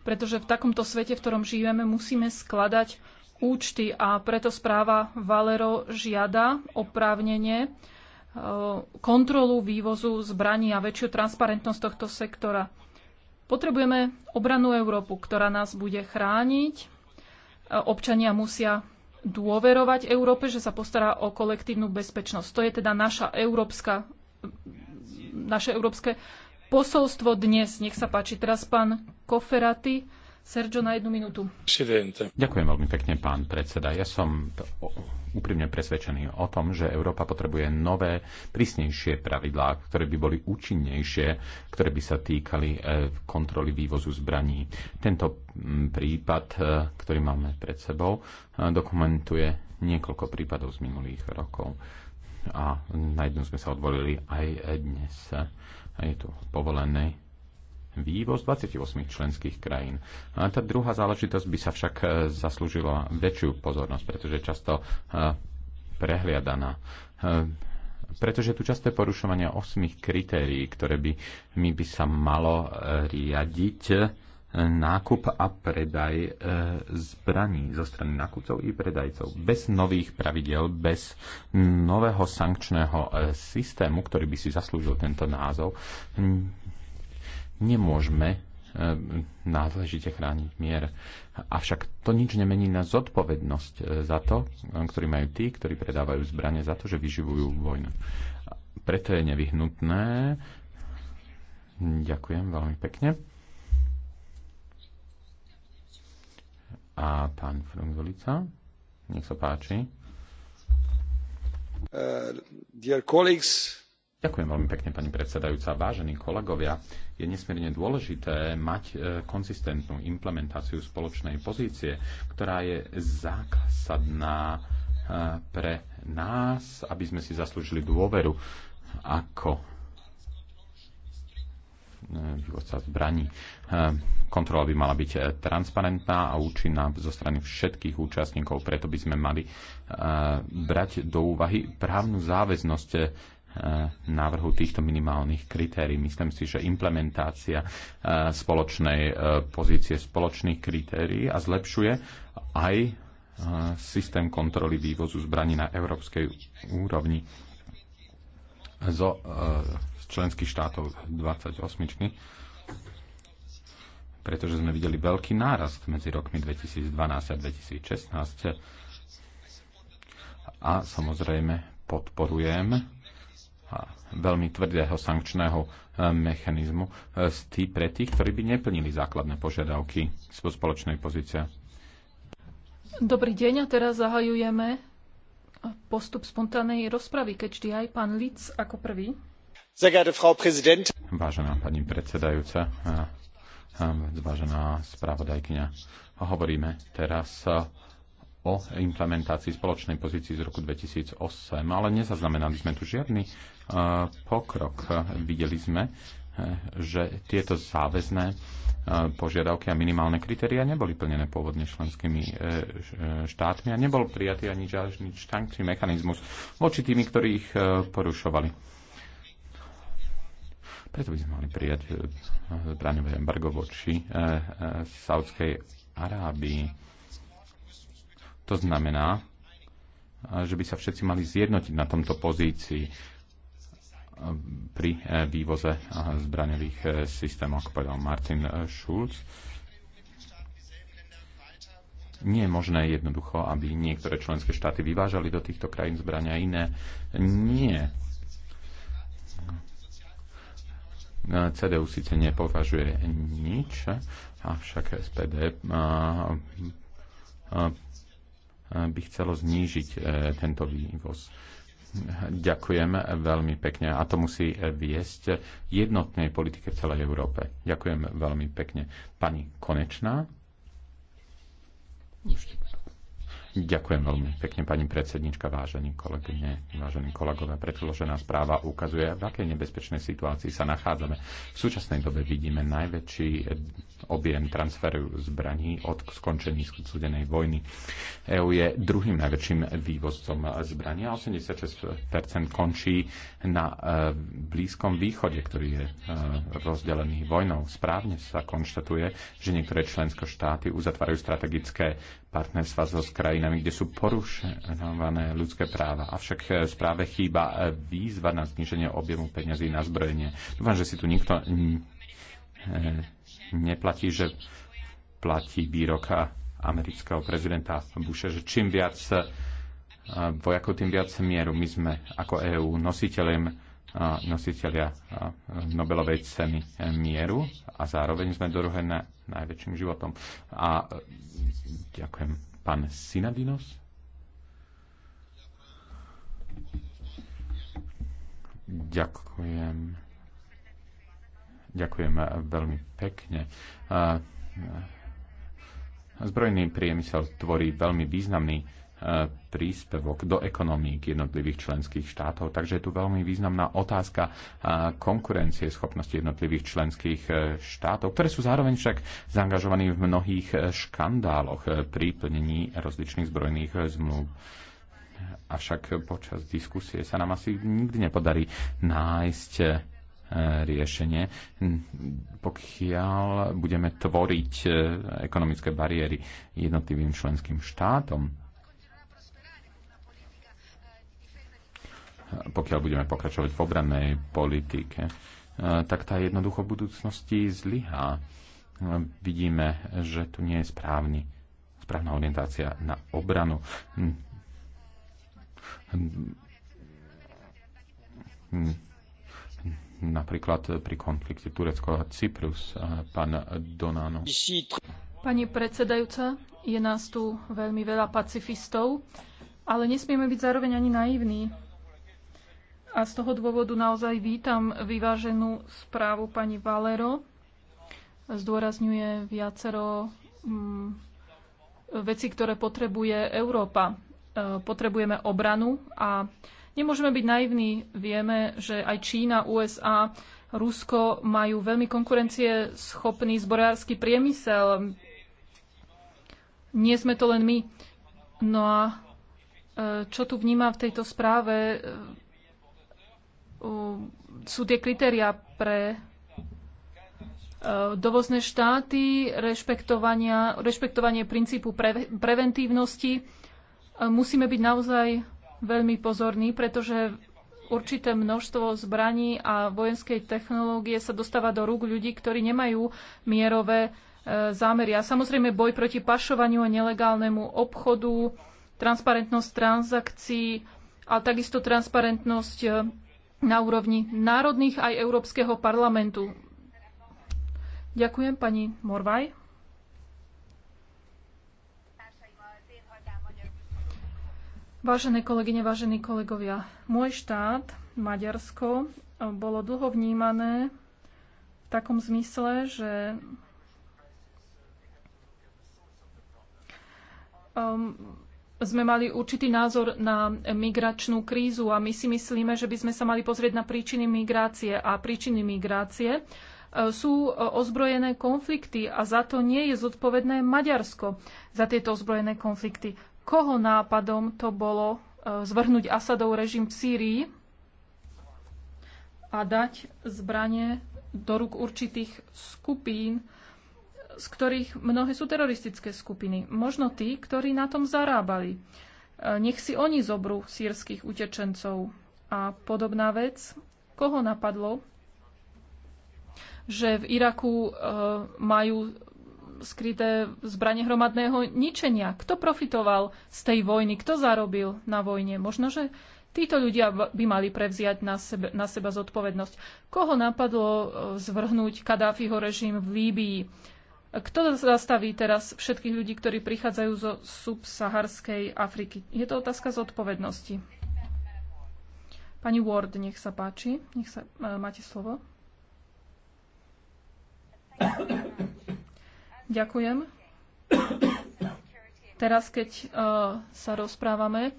Pretože v takomto svete, v ktorom žijeme, musíme skladať účty a preto správa Valero žiada oprávnenie E, kontrolu vývozu zbraní a väčšiu transparentnosť tohto sektora. Potrebujeme obranú Európu, ktorá nás bude chrániť. E, občania musia dôverovať Európe, že sa postará o kolektívnu bezpečnosť. To je teda naša európska, naše európske posolstvo dnes. Nech sa páči teraz pán Koferaty. Sergio na jednu minútu. Ďakujem veľmi pekne, pán predseda. Ja som úprimne presvedčený o tom, že Európa potrebuje nové, prísnejšie pravidlá, ktoré by boli účinnejšie, ktoré by sa týkali e, kontroly vývozu zbraní. Tento mm, prípad, e, ktorý máme pred sebou, e, dokumentuje niekoľko prípadov z minulých rokov. A na jednu sme sa odvolili aj dnes. A je tu povolené vývoz 28 členských krajín. A tá druhá záležitosť by sa však e, zaslúžila väčšiu pozornosť, pretože je často e, prehliadaná. E, pretože tu časté porušovanie osmých kritérií, ktoré by mi by sa malo riadiť nákup a predaj zbraní zo strany nákupcov i predajcov. Bez nových pravidel, bez nového sankčného systému, ktorý by si zaslúžil tento názov, nemôžeme e, náležite chrániť mier. Avšak to nič nemení na zodpovednosť e, za to, e, ktorí majú tí, ktorí predávajú zbranie za to, že vyživujú vojnu. Preto je nevyhnutné. Ďakujem veľmi pekne. A pán Frunzulica, nech sa páči. Uh, dear colleagues, Ďakujem veľmi pekne, pani predsedajúca. Vážení kolegovia, je nesmierne dôležité mať e, konzistentnú implementáciu spoločnej pozície, ktorá je zásadná e, pre nás, aby sme si zaslúžili dôveru ako e, vývozca zbraní. Kontrola by mala byť transparentná a účinná zo strany všetkých účastníkov, preto by sme mali brať do úvahy právnu záväznosť návrhu týchto minimálnych kritérií. Myslím si, že implementácia e, spoločnej e, pozície spoločných kritérií a zlepšuje aj e, systém kontroly vývozu zbraní na európskej úrovni zo členských štátov 28 pretože sme videli veľký nárast medzi rokmi 2012 a 2016 a samozrejme podporujem veľmi tvrdého sankčného e, mechanizmu e, pre tých, ktorí by neplnili základné požiadavky z spoločnej pozície. Dobrý deň a teraz zahajujeme postup spontánnej rozpravy, keďže aj pán Lic ako prvý. Vážená pani predsedajúca, e, vážená spravodajkňa, hovoríme teraz o implementácii spoločnej pozícii z roku 2008, ale nezaznamenali sme tu žiadny e, pokrok. Videli sme, e, že tieto záväzné e, požiadavky a minimálne kritéria neboli plnené pôvodne členskými štátmi a nebol prijatý ani žiadny štankčný mechanizmus voči tými, ktorí ich porušovali. Preto by sme mali prijať zbraňové embargo voči Saudskej Arábii to znamená, že by sa všetci mali zjednotiť na tomto pozícii eh, pri eh, vývoze eh, zbraňových systémov, ako povedal Martin Schulz. Nie je možné jednoducho, aby niektoré členské štáty vyvážali do týchto krajín zbrania a iné. Nie. CDU síce nepovažuje nič, avšak SPD by chcelo znížiť e, tento vývoz. Ďakujem veľmi pekne a to musí viesť jednotnej politike v celej Európe. Ďakujem veľmi pekne. Pani Konečná. Ešte. Ďakujem veľmi pekne, pani predsednička, vážení kolegyne, vážení kolegovia. Predložená správa ukazuje, v akej nebezpečnej situácii sa nachádzame. V súčasnej dobe vidíme najväčší objem transferu zbraní od skončení súdenej vojny. EÚ je druhým najväčším vývozcom zbraní a 86% končí na e, Blízkom východe, ktorý je e, rozdelený vojnou. Správne sa konštatuje, že niektoré členské štáty uzatvárajú strategické partnerstva so s krajinami, kde sú porušované ľudské práva. Avšak v e, správe chýba e, výzva na zniženie objemu peňazí na zbrojenie. Dúfam, že si tu nikto e, neplatí, že platí výrok amerického prezidenta Busha, že čím viac vojakov, tým viac mieru. My sme ako EÚ nositeľem nositeľia Nobelovej ceny mieru a zároveň sme druhé na najväčším životom. A ďakujem. Pán Sinadinos? Ďakujem. Ďakujem veľmi pekne. Zbrojný priemysel tvorí veľmi významný príspevok do ekonomík jednotlivých členských štátov. Takže je tu veľmi významná otázka konkurencie schopnosti jednotlivých členských e, štátov, ktoré sú zároveň však zaangažovaní v mnohých e, škandáloch e, pri plnení rozličných zbrojných zmluv. Avšak počas diskusie sa nám asi nikdy nepodarí nájsť riešenie, pokiaľ budeme tvoriť ekonomické bariéry jednotlivým členským štátom pokiaľ budeme pokračovať v obrannej politike, e, tak tá jednoducho v budúcnosti zlyhá. E, vidíme, že tu nie je správny, správna orientácia na obranu. Hm. Hm. Hm. Napríklad pri konflikte Turecko a Cyprus, e, pán Donano. Pani predsedajúca, je nás tu veľmi veľa pacifistov, ale nesmieme byť zároveň ani naivní. A z toho dôvodu naozaj vítam vyváženú správu pani Valero. Zdôrazňuje viacero mm, veci, ktoré potrebuje Európa. E, potrebujeme obranu a nemôžeme byť naivní. Vieme, že aj Čína, USA, Rusko majú veľmi konkurencie schopný priemysel. Nie sme to len my. No a e, čo tu vníma v tejto správe Ehm, sú tie kritéria pre ehm, dovozné štáty, rešpektovanie princípu pre, preventívnosti. Ehm, musíme byť naozaj veľmi pozorní, pretože určité množstvo zbraní a vojenskej technológie sa dostáva do rúk ľudí, ktorí nemajú mierové zámery. A samozrejme boj proti pašovaniu a nelegálnemu obchodu, transparentnosť transakcií a takisto transparentnosť na úrovni národných aj Európskeho parlamentu. Ďakujem pani Morvaj. Vážené kolegyne, vážení kolegovia, môj štát, Maďarsko, bolo dlho vnímané v takom zmysle, že um, sme mali určitý názor na migračnú krízu a my si myslíme, že by sme sa mali pozrieť na príčiny migrácie. A príčiny migrácie e, sú e, ozbrojené konflikty a za to nie je zodpovedné Maďarsko za tieto ozbrojené konflikty. Koho nápadom to bolo e, zvrhnúť Asadov režim v Sýrii a dať zbranie do rúk určitých skupín, z ktorých mnohé sú teroristické skupiny. Možno tí, ktorí na tom zarábali. E, nech si oni zobrú sírskych utečencov. A podobná vec, koho napadlo, že v Iraku e, majú skryté zbranie hromadného ničenia. Kto profitoval z tej vojny? Kto zarobil na vojne? Možno, že títo ľudia by mali prevziať na, sebe, na seba zodpovednosť. Koho napadlo e, zvrhnúť Kadáfiho režim v Líbii? Kto zastaví teraz všetkých ľudí, ktorí prichádzajú zo subsaharskej Afriky? Je to otázka zodpovednosti. Pani Ward, nech sa páči. Nech sa, uh, máte slovo. Ďakujem. Teraz, keď uh, sa rozprávame,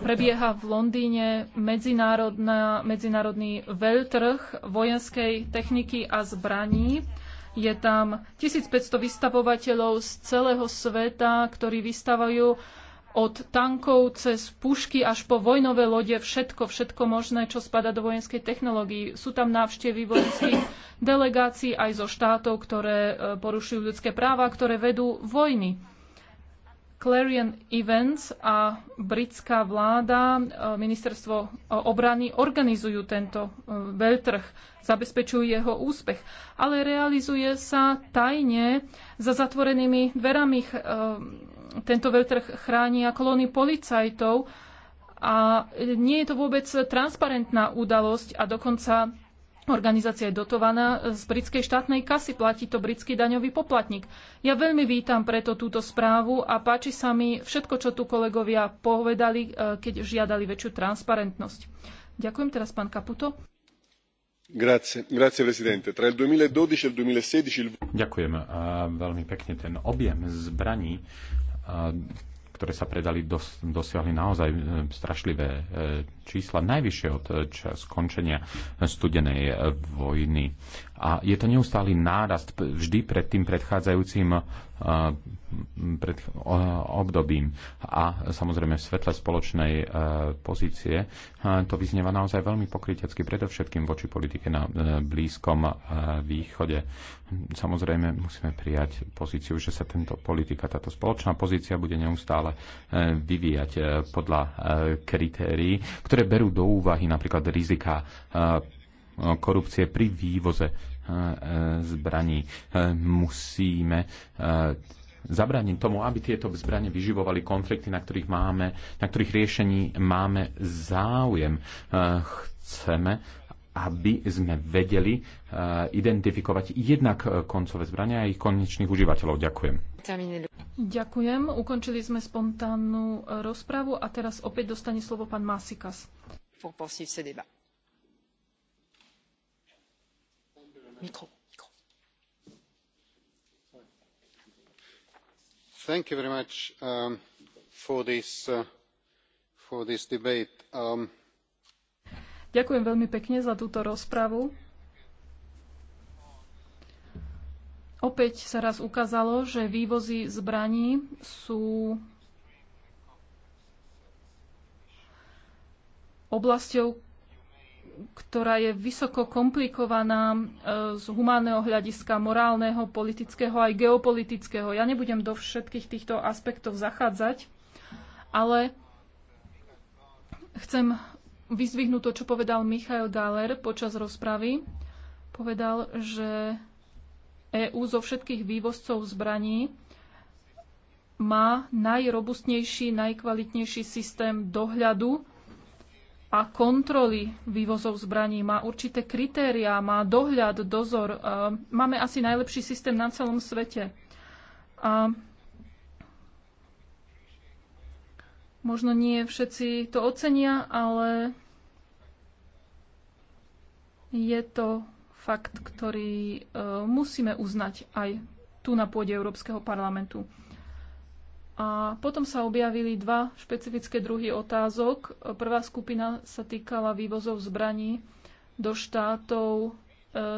prebieha v Londýne medzinárodný veľtrh vojenskej techniky a zbraní je tam 1500 vystavovateľov z celého sveta, ktorí vystavajú od tankov cez pušky až po vojnové lode, všetko, všetko možné, čo spada do vojenskej technológii. Sú tam návštevy vojenských delegácií aj zo štátov, ktoré e, porušujú ľudské práva, ktoré vedú vojny. Clarion Events a britská vláda, e, ministerstvo e, obrany organizujú tento e, veľtrh, zabezpečujú jeho úspech. Ale realizuje sa tajne za zatvorenými dverami. Tento veľtrh chránia kolóny policajtov a nie je to vôbec transparentná udalosť a dokonca Organizácia je dotovaná z britskej štátnej kasy, platí to britský daňový poplatník. Ja veľmi vítam preto túto správu a páči sa mi všetko, čo tu kolegovia povedali, e, keď žiadali väčšiu transparentnosť. Ďakujem teraz pán Kaputo. Grazie, grazie presidente. Tra il 2012 e il 2016 il... Ďakujem veľmi pekne. Ten objem zbraní ktoré sa predali, dos, dosiahli naozaj e, strašlivé e, čísla, najvyššie od e, skončenia studenej vojny. A je to neustály nárast vždy pred tým predchádzajúcim pred obdobím a samozrejme v svetle spoločnej e, pozície to vyznieva naozaj veľmi pokrytecky predovšetkým voči politike na e, Blízkom e, východe. Samozrejme musíme prijať pozíciu, že sa tento politika, táto spoločná pozícia bude neustále vyvíjať podľa kritérií, ktoré berú do úvahy napríklad rizika korupcie pri vývoze zbraní. Musíme eh, zabrániť tomu, aby tieto zbranie vyživovali konflikty, na ktorých, máme, na ktorých riešení máme záujem. Eh, chceme, aby sme vedeli eh, identifikovať jednak koncové zbrania a ich konečných užívateľov. Ďakujem. Ďakujem. Ukončili sme spontánnu rozpravu a teraz opäť dostane slovo pán Masikas. Pour poursuivre ce débat. thank you very much um, uh, for this debate. Um, ďakujem veľmi pekne za túto rozpravu. Opäť sa raz ukázalo, že vývozy zbraní sú oblasťou, ktorá je vysoko komplikovaná e, z humánneho hľadiska, morálneho, politického aj geopolitického. Ja nebudem do všetkých týchto aspektov zachádzať, ale chcem vyzvihnúť to, čo povedal Michail Daler počas rozpravy. Povedal, že EÚ zo všetkých vývozcov zbraní má najrobustnejší, najkvalitnejší systém dohľadu a kontroly vývozov zbraní, má určité kritériá, má dohľad, dozor. Máme asi najlepší systém na celom svete. A možno nie všetci to ocenia, ale je to fakt, ktorý e, musíme uznať aj tu na pôde Európskeho parlamentu. A potom sa objavili dva špecifické druhy otázok. Prvá skupina sa týkala vývozov zbraní do štátov e,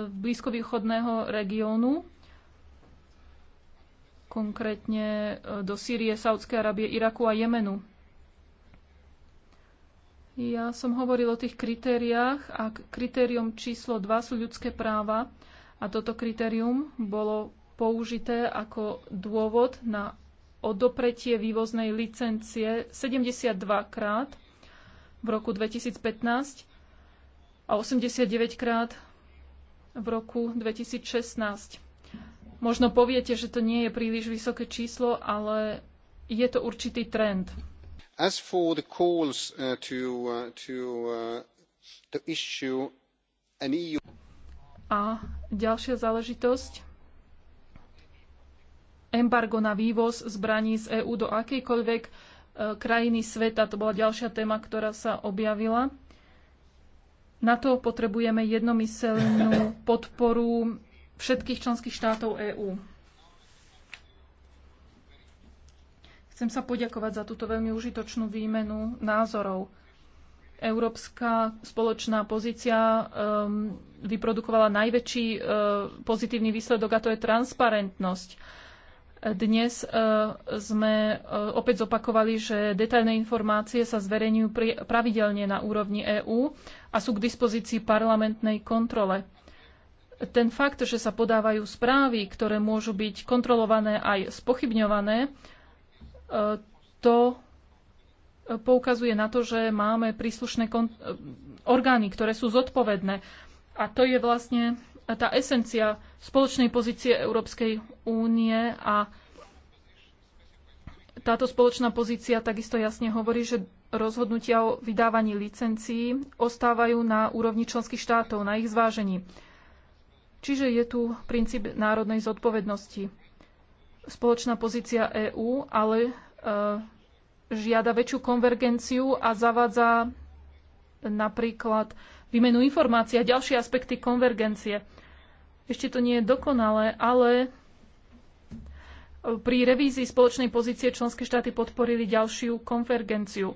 blízkovýchodného regiónu, konkrétne e, do Sýrie, Saudskej Arábie, Iraku a Jemenu. Ja som hovoril o tých kritériách a kritérium číslo 2 sú ľudské práva a toto kritérium bolo použité ako dôvod na o dopretie vývoznej licencie 72 krát v roku 2015 a 89 krát v roku 2016. Možno poviete, že to nie je príliš vysoké číslo, ale je to určitý trend. As for the calls uh, to, uh, to, uh, to issue an EU... A ďalšia záležitosť embargo na vývoz zbraní z EÚ do akejkoľvek e, krajiny sveta. To bola ďalšia téma, ktorá sa objavila. Na to potrebujeme jednomyselnú <laughs> podporu všetkých členských štátov EÚ. Chcem sa poďakovať za túto veľmi užitočnú výmenu názorov. Európska spoločná pozícia um, vyprodukovala najväčší uh, pozitívny výsledok a to je transparentnosť. Dnes e, sme e, opäť zopakovali, že detailné informácie sa zverejňujú pravidelne na úrovni EÚ a sú k dispozícii parlamentnej kontrole. Ten fakt, že sa podávajú správy, ktoré môžu byť kontrolované aj spochybňované, e, to poukazuje na to, že máme príslušné orgány, ktoré sú zodpovedné. A to je vlastne tá esencia spoločnej pozície Európskej únie a táto spoločná pozícia takisto jasne hovorí, že rozhodnutia o vydávaní licencií ostávajú na úrovni členských štátov, na ich zvážení. Čiže je tu princíp národnej zodpovednosti. Spoločná pozícia EÚ ale e, žiada väčšiu konvergenciu a zavádza napríklad výmenu informácií a ďalšie aspekty konvergencie. Ešte to nie je dokonalé, ale e, pri revízii spoločnej pozície členské štáty podporili ďalšiu konvergenciu.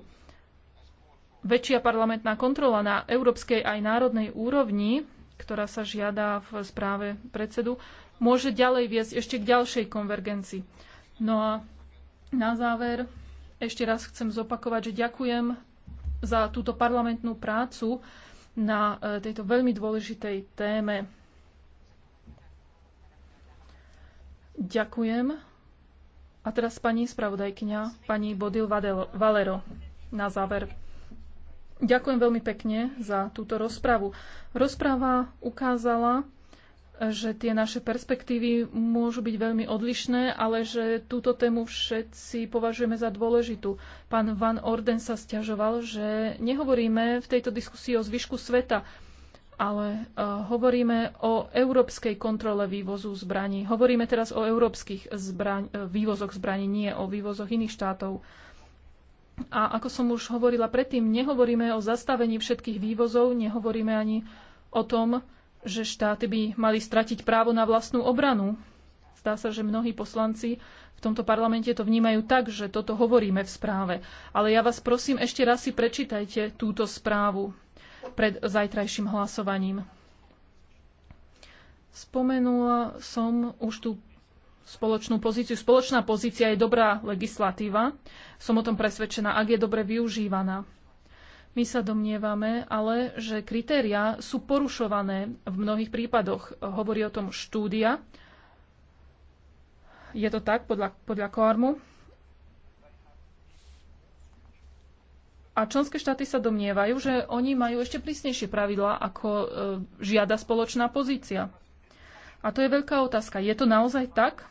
Väčšia parlamentná kontrola na európskej aj národnej úrovni, ktorá sa žiada v správe predsedu, môže ďalej viesť ešte k ďalšej konvergencii. No a na záver ešte raz chcem zopakovať, že ďakujem za túto parlamentnú prácu na e, tejto veľmi dôležitej téme. Ďakujem. A teraz pani spravodajkňa, pani Bodil Valero, na záver. Ďakujem veľmi pekne za túto rozpravu. Rozpráva ukázala, že tie naše perspektívy môžu byť veľmi odlišné, ale že túto tému všetci považujeme za dôležitú. Pán Van Orden sa stiažoval, že nehovoríme v tejto diskusii o zvyšku sveta ale uh, hovoríme o európskej kontrole vývozu zbraní. Hovoríme teraz o európskych zbraň, e, vývozoch zbraní, nie o vývozoch iných štátov. A ako som už hovorila predtým, nehovoríme o zastavení všetkých vývozov, nehovoríme ani o tom, že štáty by mali stratiť právo na vlastnú obranu. Zdá sa, že mnohí poslanci v tomto parlamente to vnímajú tak, že toto hovoríme v správe. Ale ja vás prosím, ešte raz si prečítajte túto správu pred zajtrajším hlasovaním. Spomenula som už tú spoločnú pozíciu. Spoločná pozícia je dobrá legislatíva. Som o tom presvedčená, ak je dobre využívaná. My sa domnievame ale, že kritéria sú porušované v mnohých prípadoch. Hovorí o tom štúdia. Je to tak podľa, podľa Koarmu? A členské štáty sa domnievajú, že oni majú ešte prísnejšie pravidlá, ako e, žiada spoločná pozícia. A to je veľká otázka. Je to naozaj tak?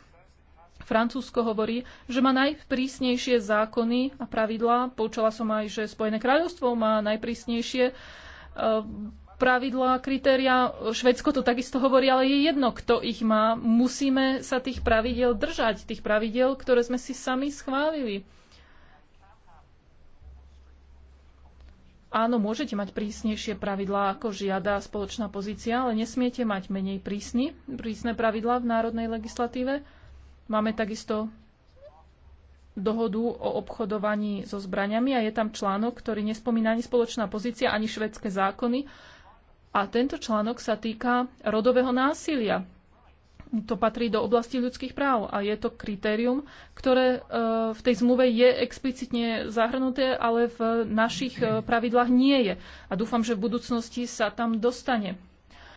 Francúzsko hovorí, že má najprísnejšie zákony a pravidlá. Poučala som aj, že Spojené kráľovstvo má najprísnejšie e, pravidlá, kritéria. Švedsko to takisto hovorí, ale je jedno, kto ich má. Musíme sa tých pravidel držať, tých pravidel, ktoré sme si sami schválili. Áno, môžete mať prísnejšie pravidlá, ako žiada spoločná pozícia, ale nesmiete mať menej prísny, prísne pravidlá v národnej legislatíve. Máme takisto dohodu o obchodovaní so zbraniami a je tam článok, ktorý nespomína ani spoločná pozícia, ani švedské zákony. A tento článok sa týka rodového násilia to patrí do oblasti ľudských práv a je to kritérium, ktoré e, v tej zmluve je explicitne zahrnuté, ale v našich e, pravidlách nie je. A dúfam, že v budúcnosti sa tam dostane.